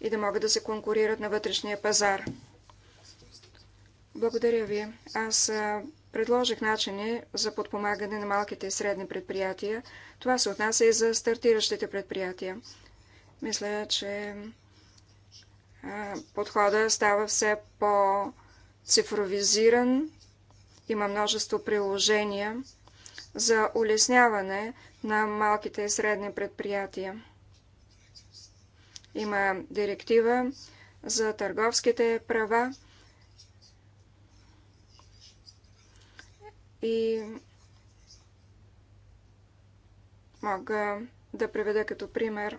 и да могат да се конкурират на вътрешния пазар. Благодаря ви. Аз предложих начини за подпомагане на малките и средни предприятия. Това се отнася и за стартиращите предприятия. Мисля, че подхода става все по-цифровизиран. Има множество приложения за улесняване на малките и средни предприятия. Има директива за търговските права и мога да приведа като пример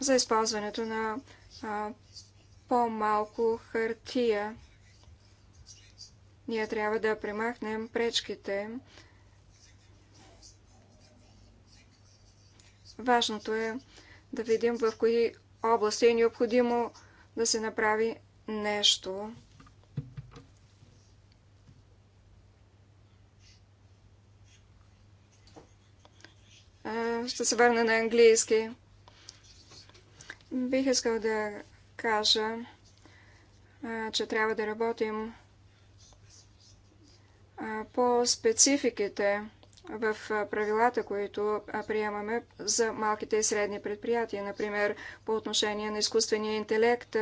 за използването на по-малко хартия. Ние трябва да премахнем пречките Важното е да видим в кои области е необходимо да се направи нещо. Ще се върна на английски. Бих искал да кажа, че трябва да работим по спецификите в правилата, които приемаме за малките и средни предприятия, например по отношение на изкуствения интелект,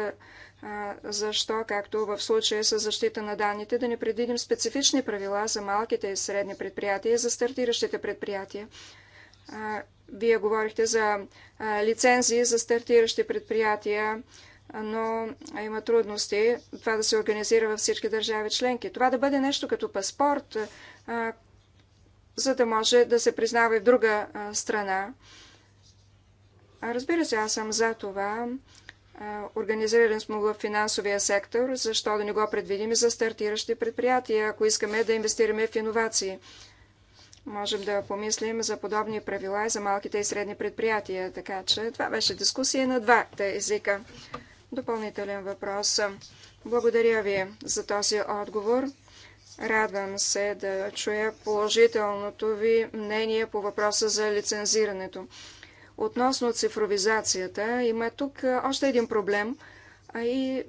защо, както в случая с защита на данните, да не предвидим специфични правила за малките и средни предприятия и за стартиращите предприятия. Вие говорихте за лицензии за стартиращи предприятия, но има трудности това да се организира във всички държави членки. Това да бъде нещо като паспорт, за да може да се признава и в друга страна. Разбира се, аз съм за това. Организирали сме в финансовия сектор, защо да не го предвидим и за стартиращи предприятия, ако искаме да инвестираме в иновации. Можем да помислим за подобни правила и за малките и средни предприятия. Така че това беше дискусия на двата езика. Допълнителен въпрос. Благодаря ви за този отговор. Радвам се да чуя положителното ви мнение по въпроса за лицензирането. Относно цифровизацията, има тук още един проблем, а и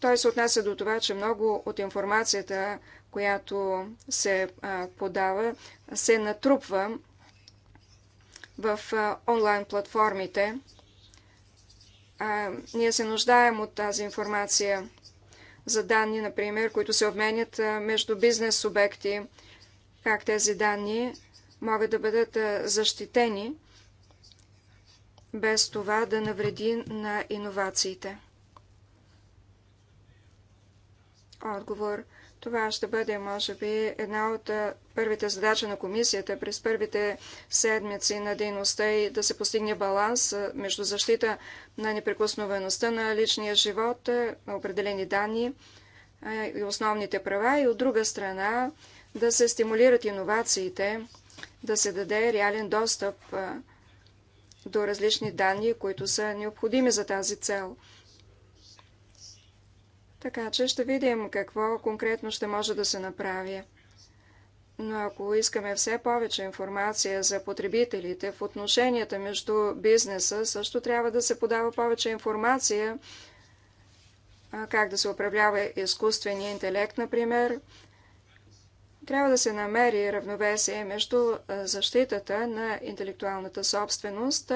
той се отнася до това, че много от информацията, която се подава, се натрупва в онлайн платформите. ние се нуждаем от тази информация за данни, например, които се обменят между бизнес субекти, как тези данни могат да бъдат защитени без това да навреди на иновациите. Отговор. Това ще бъде, може би, една от първите задачи на комисията е през първите седмици на дейността и да се постигне баланс между защита на неприкосновеността на личния живот, на определени данни и основните права и от друга страна да се стимулират иновациите, да се даде реален достъп до различни данни, които са необходими за тази цел. Така че ще видим какво конкретно ще може да се направи. Но ако искаме все повече информация за потребителите в отношенията между бизнеса, също трябва да се подава повече информация как да се управлява изкуствения интелект, например. Трябва да се намери равновесие между защитата на интелектуалната собственост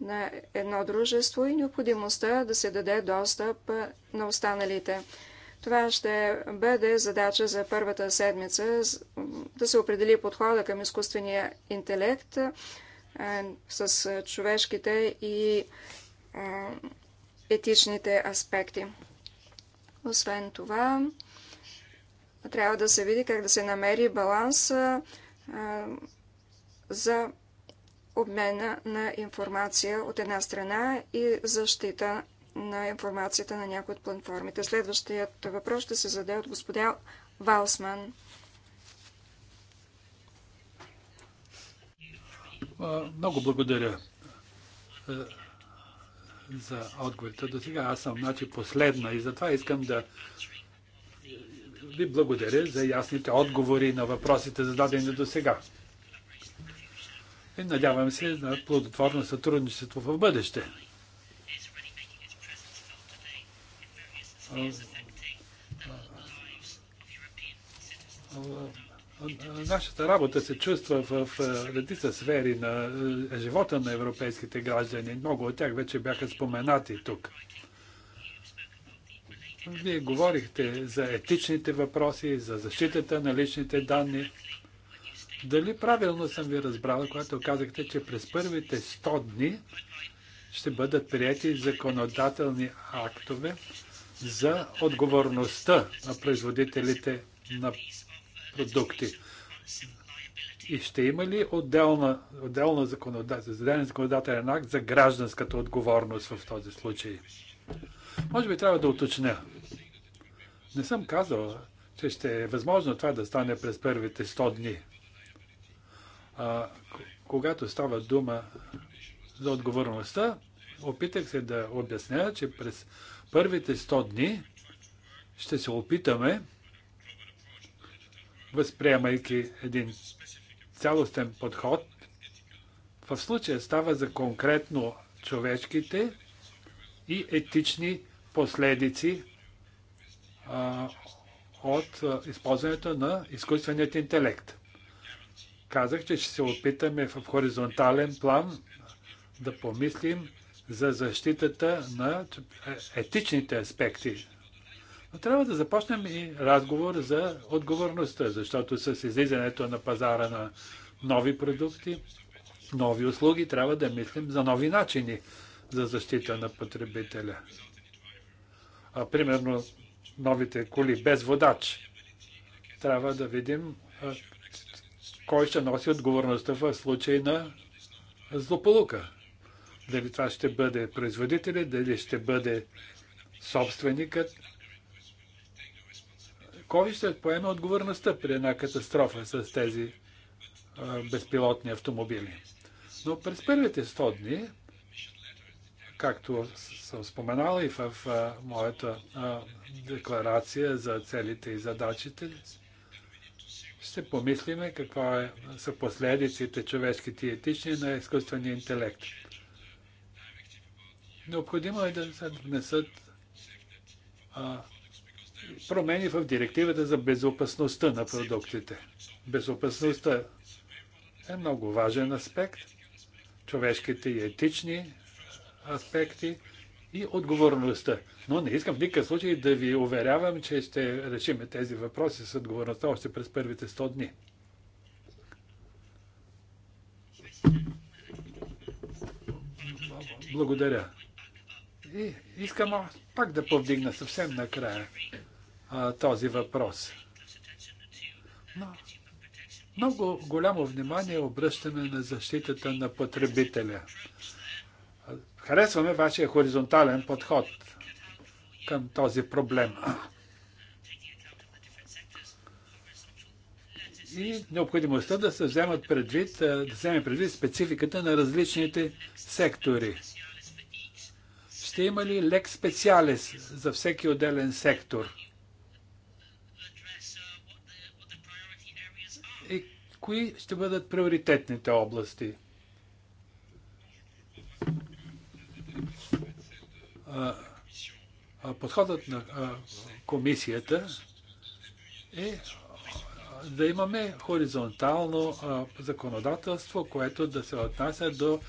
на едно дружество и необходимостта да се даде достъп на останалите. Това ще бъде задача за първата седмица да се определи подхода към изкуствения интелект с човешките и етичните аспекти. Освен това, трябва да се види как да се намери баланс за обмена на информация от една страна и защита на информацията на някои от платформите. Следващият въпрос ще се зададе от господя Валсман. Много благодаря е, за отговорите до сега. Аз съм значи, последна и затова искам да ви благодаря за ясните отговори на въпросите, зададени до сега. И надявам се на плодотворно сътрудничество в бъдеще. Е, нашата работа се чувства в е, редица сфери на е, живота на европейските граждани. Много от тях вече бяха споменати тук. Вие говорихте за етичните въпроси, за защитата на личните данни. Дали правилно съм ви разбрал, когато казахте, че през първите 100 дни ще бъдат прияти законодателни актове, за отговорността на производителите на продукти. И ще има ли отделна, отделно законодател, законодателен акт за гражданската отговорност в този случай? Може би трябва да уточня. Не съм казал, че ще е възможно това да стане през първите 100 дни. А, когато става дума за отговорността, опитах се да обясня, че през първите 100 дни ще се опитаме, възприемайки един цялостен подход, в случая става за конкретно човешките и етични последици а, от а, използването на изкуственият интелект. Казах, че ще се опитаме в хоризонтален план да помислим за защитата на етичните аспекти. Но трябва да започнем и разговор за отговорността, защото с излизането на пазара на нови продукти, нови услуги, трябва да мислим за нови начини за защита на потребителя. А, примерно, новите коли без водач. Трябва да видим а, кой ще носи отговорността в случай на злополука. Дали това ще бъде производителят, дали ще бъде собственикът. Кой ще поеме отговорността при една катастрофа с тези а, безпилотни автомобили? Но през първите 100 дни, както съм споменал и в а, моята а, декларация за целите и задачите, ще помислиме какво е, са последиците човешките и етични на изкуствения интелект. Необходимо е да се внесат а, промени в директивата за безопасността на продуктите. Безопасността е много важен аспект, човешките и етични аспекти и отговорността. Но не искам в никакъв случай да ви уверявам, че ще решим тези въпроси с отговорността още през първите 100 дни. Благодаря. И искам пак да повдигна съвсем накрая а, този въпрос. Но много голямо внимание обръщаме на защитата на потребителя. Харесваме вашия хоризонтален подход към този проблем. И необходимостта да се вземат предвид, да вземе предвид спецификата на различните сектори. Ще има ли лек специалис за всеки отделен сектор? И кои ще бъдат приоритетните области? Подходът на комисията е да имаме хоризонтално законодателство, което да се отнася до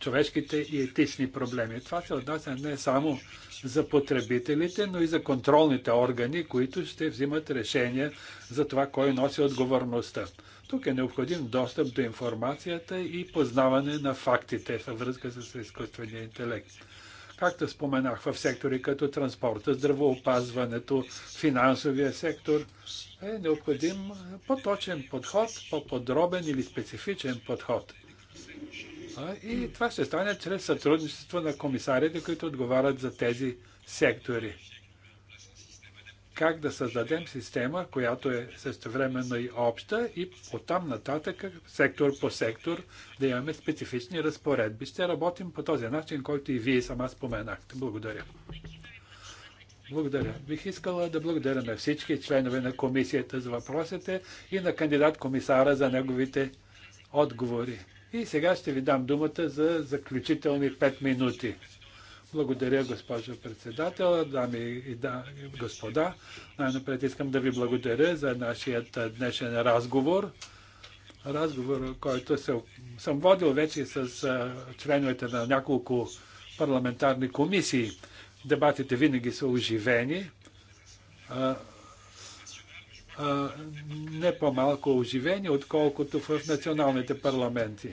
човешките и етични проблеми. Това се отнася не само за потребителите, но и за контролните органи, които ще взимат решения за това кой носи отговорността. Тук е необходим достъп до информацията и познаване на фактите във връзка с изкуствения интелект. Както споменах, в сектори като транспорта, здравоопазването, финансовия сектор е необходим по-точен подход, по-подробен или специфичен подход. И това ще стане чрез сътрудничество на комисарите, които отговарят за тези сектори. Как да създадем система, която е същевременно и обща и оттам нататък, сектор по сектор, да имаме специфични разпоредби. Ще работим по този начин, който и вие сама споменахте. Благодаря. Благодаря. Бих искала да благодаря на всички членове на комисията за въпросите и на кандидат комисара за неговите отговори. И сега ще ви дам думата за заключителни 5 минути. Благодаря, госпожо председател, дами и да, господа. Най-напред искам да ви благодаря за нашият днешен разговор. Разговор, който се, съм водил вече с членовете на няколко парламентарни комисии. Дебатите винаги са оживени не по-малко оживени, отколкото в националните парламенти.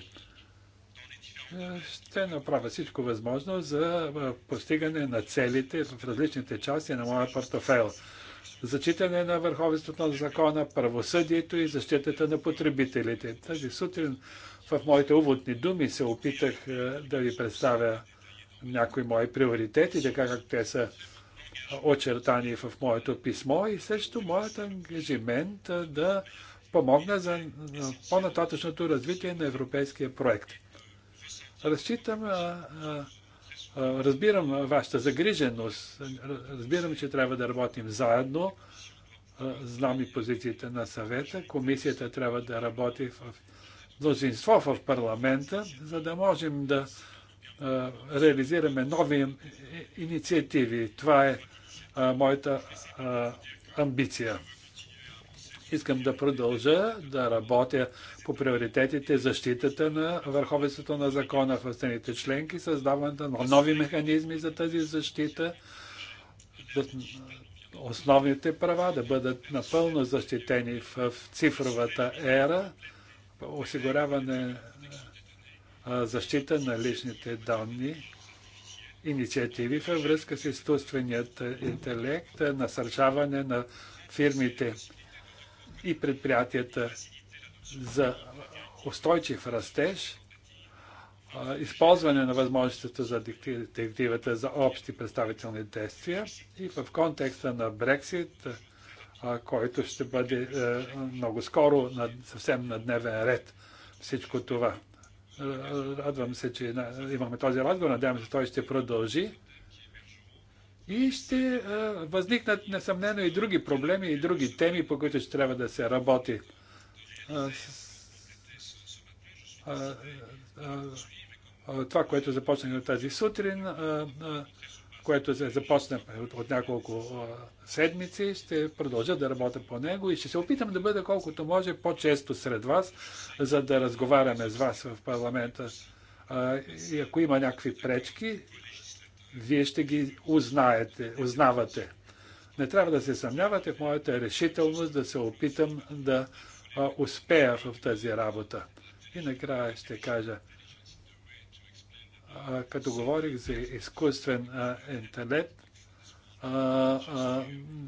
Е, ще направя всичко възможно за постигане на целите в различните части на моя портофел. Зачитане на върховенството на закона, правосъдието и защитата на потребителите. Тази сутрин в моите уводни думи се опитах е, да ви представя някои мои приоритети, така как те са очертани в моето писмо и също моят ангажимент да помогна за по-нататъчното развитие на европейския проект. Разчитам, разбирам вашата загриженост, разбирам, че трябва да работим заедно, знам и позициите на съвета, комисията трябва да работи в мнозинство в парламента, за да можем да реализираме нови е, инициативи. Това е моята а, амбиция. Искам да продължа да работя по приоритетите защитата на върховенството на закона в страните членки, създаването на нови механизми за тази защита, основните права да бъдат напълно защитени в цифровата ера, осигуряване защита на личните данни инициативи във връзка с изкуственият интелект, насърчаване на фирмите и предприятията за устойчив растеж, използване на възможностите за директивата за общи представителни действия и в контекста на Брексит, който ще бъде е, много скоро съвсем на дневен ред всичко това. Радвам се, че имаме този разговор. Надявам се, той ще продължи. И ще е, възникнат несъмнено и други проблеми и други теми, по които ще трябва да се работи. Е, е, това, което започнахме тази сутрин, което се започна от няколко седмици. Ще продължа да работя по него и ще се опитам да бъда колкото може по-често сред вас, за да разговаряме с вас в парламента. И ако има някакви пречки, вие ще ги узнаете, узнавате. Не трябва да се съмнявате в моята решителност да се опитам да успея в тази работа. И накрая ще кажа, като говорих за изкуствен интелект,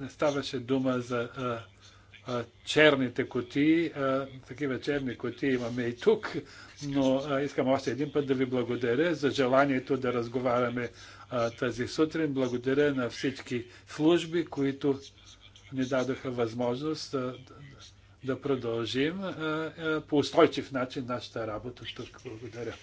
не ставаше дума за черните коти. Такива черни коти имаме и тук, но искам още един път да ви благодаря за желанието да разговаряме тази сутрин. Благодаря на всички служби, които ни дадоха възможност да, да продължим по устойчив начин нашата работа тук. Благодаря.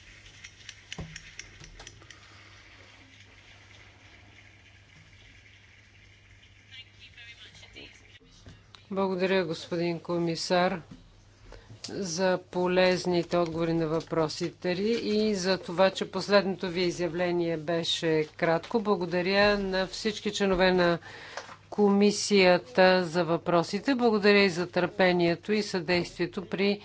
Благодаря, господин комисар, за полезните отговори на въпросите ли и за това, че последното ви изявление беше кратко. Благодаря на всички членове на комисията за въпросите. Благодаря и за търпението и съдействието при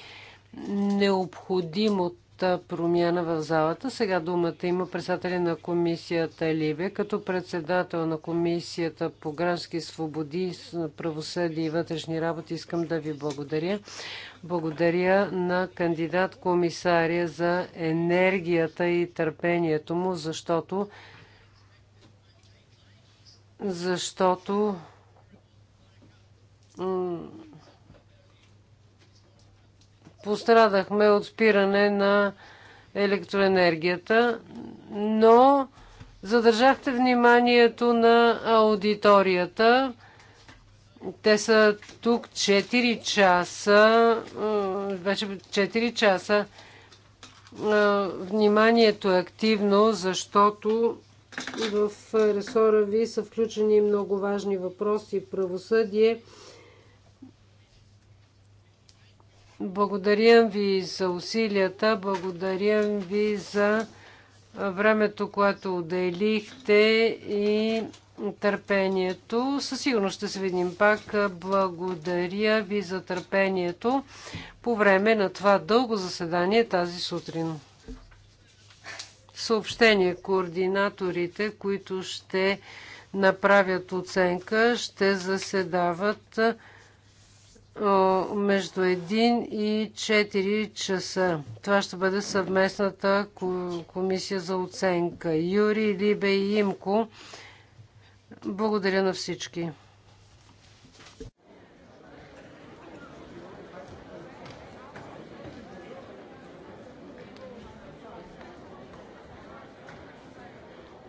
необходимото доста промяна в залата. Сега думата има председателя на комисията Либе. Като председател на комисията по граждански свободи, правосъдие и вътрешни работи искам да ви благодаря. Благодаря на кандидат комисария за енергията и търпението му, защото защото пострадахме от спиране на електроенергията, но задържахте вниманието на аудиторията. Те са тук 4 часа, е, вече 4 часа. Е, вниманието е активно, защото в ресора ви са включени много важни въпроси правосъдие, Благодаря ви за усилията, благодаря ви за времето, което отделихте и търпението. Със сигурност ще се видим пак. Благодаря ви за търпението по време на това дълго заседание тази сутрин. Съобщение координаторите, които ще направят оценка, ще заседават между 1 и 4 часа. Това ще бъде съвместната комисия за оценка. Юри, Либе и Имко. Благодаря на всички.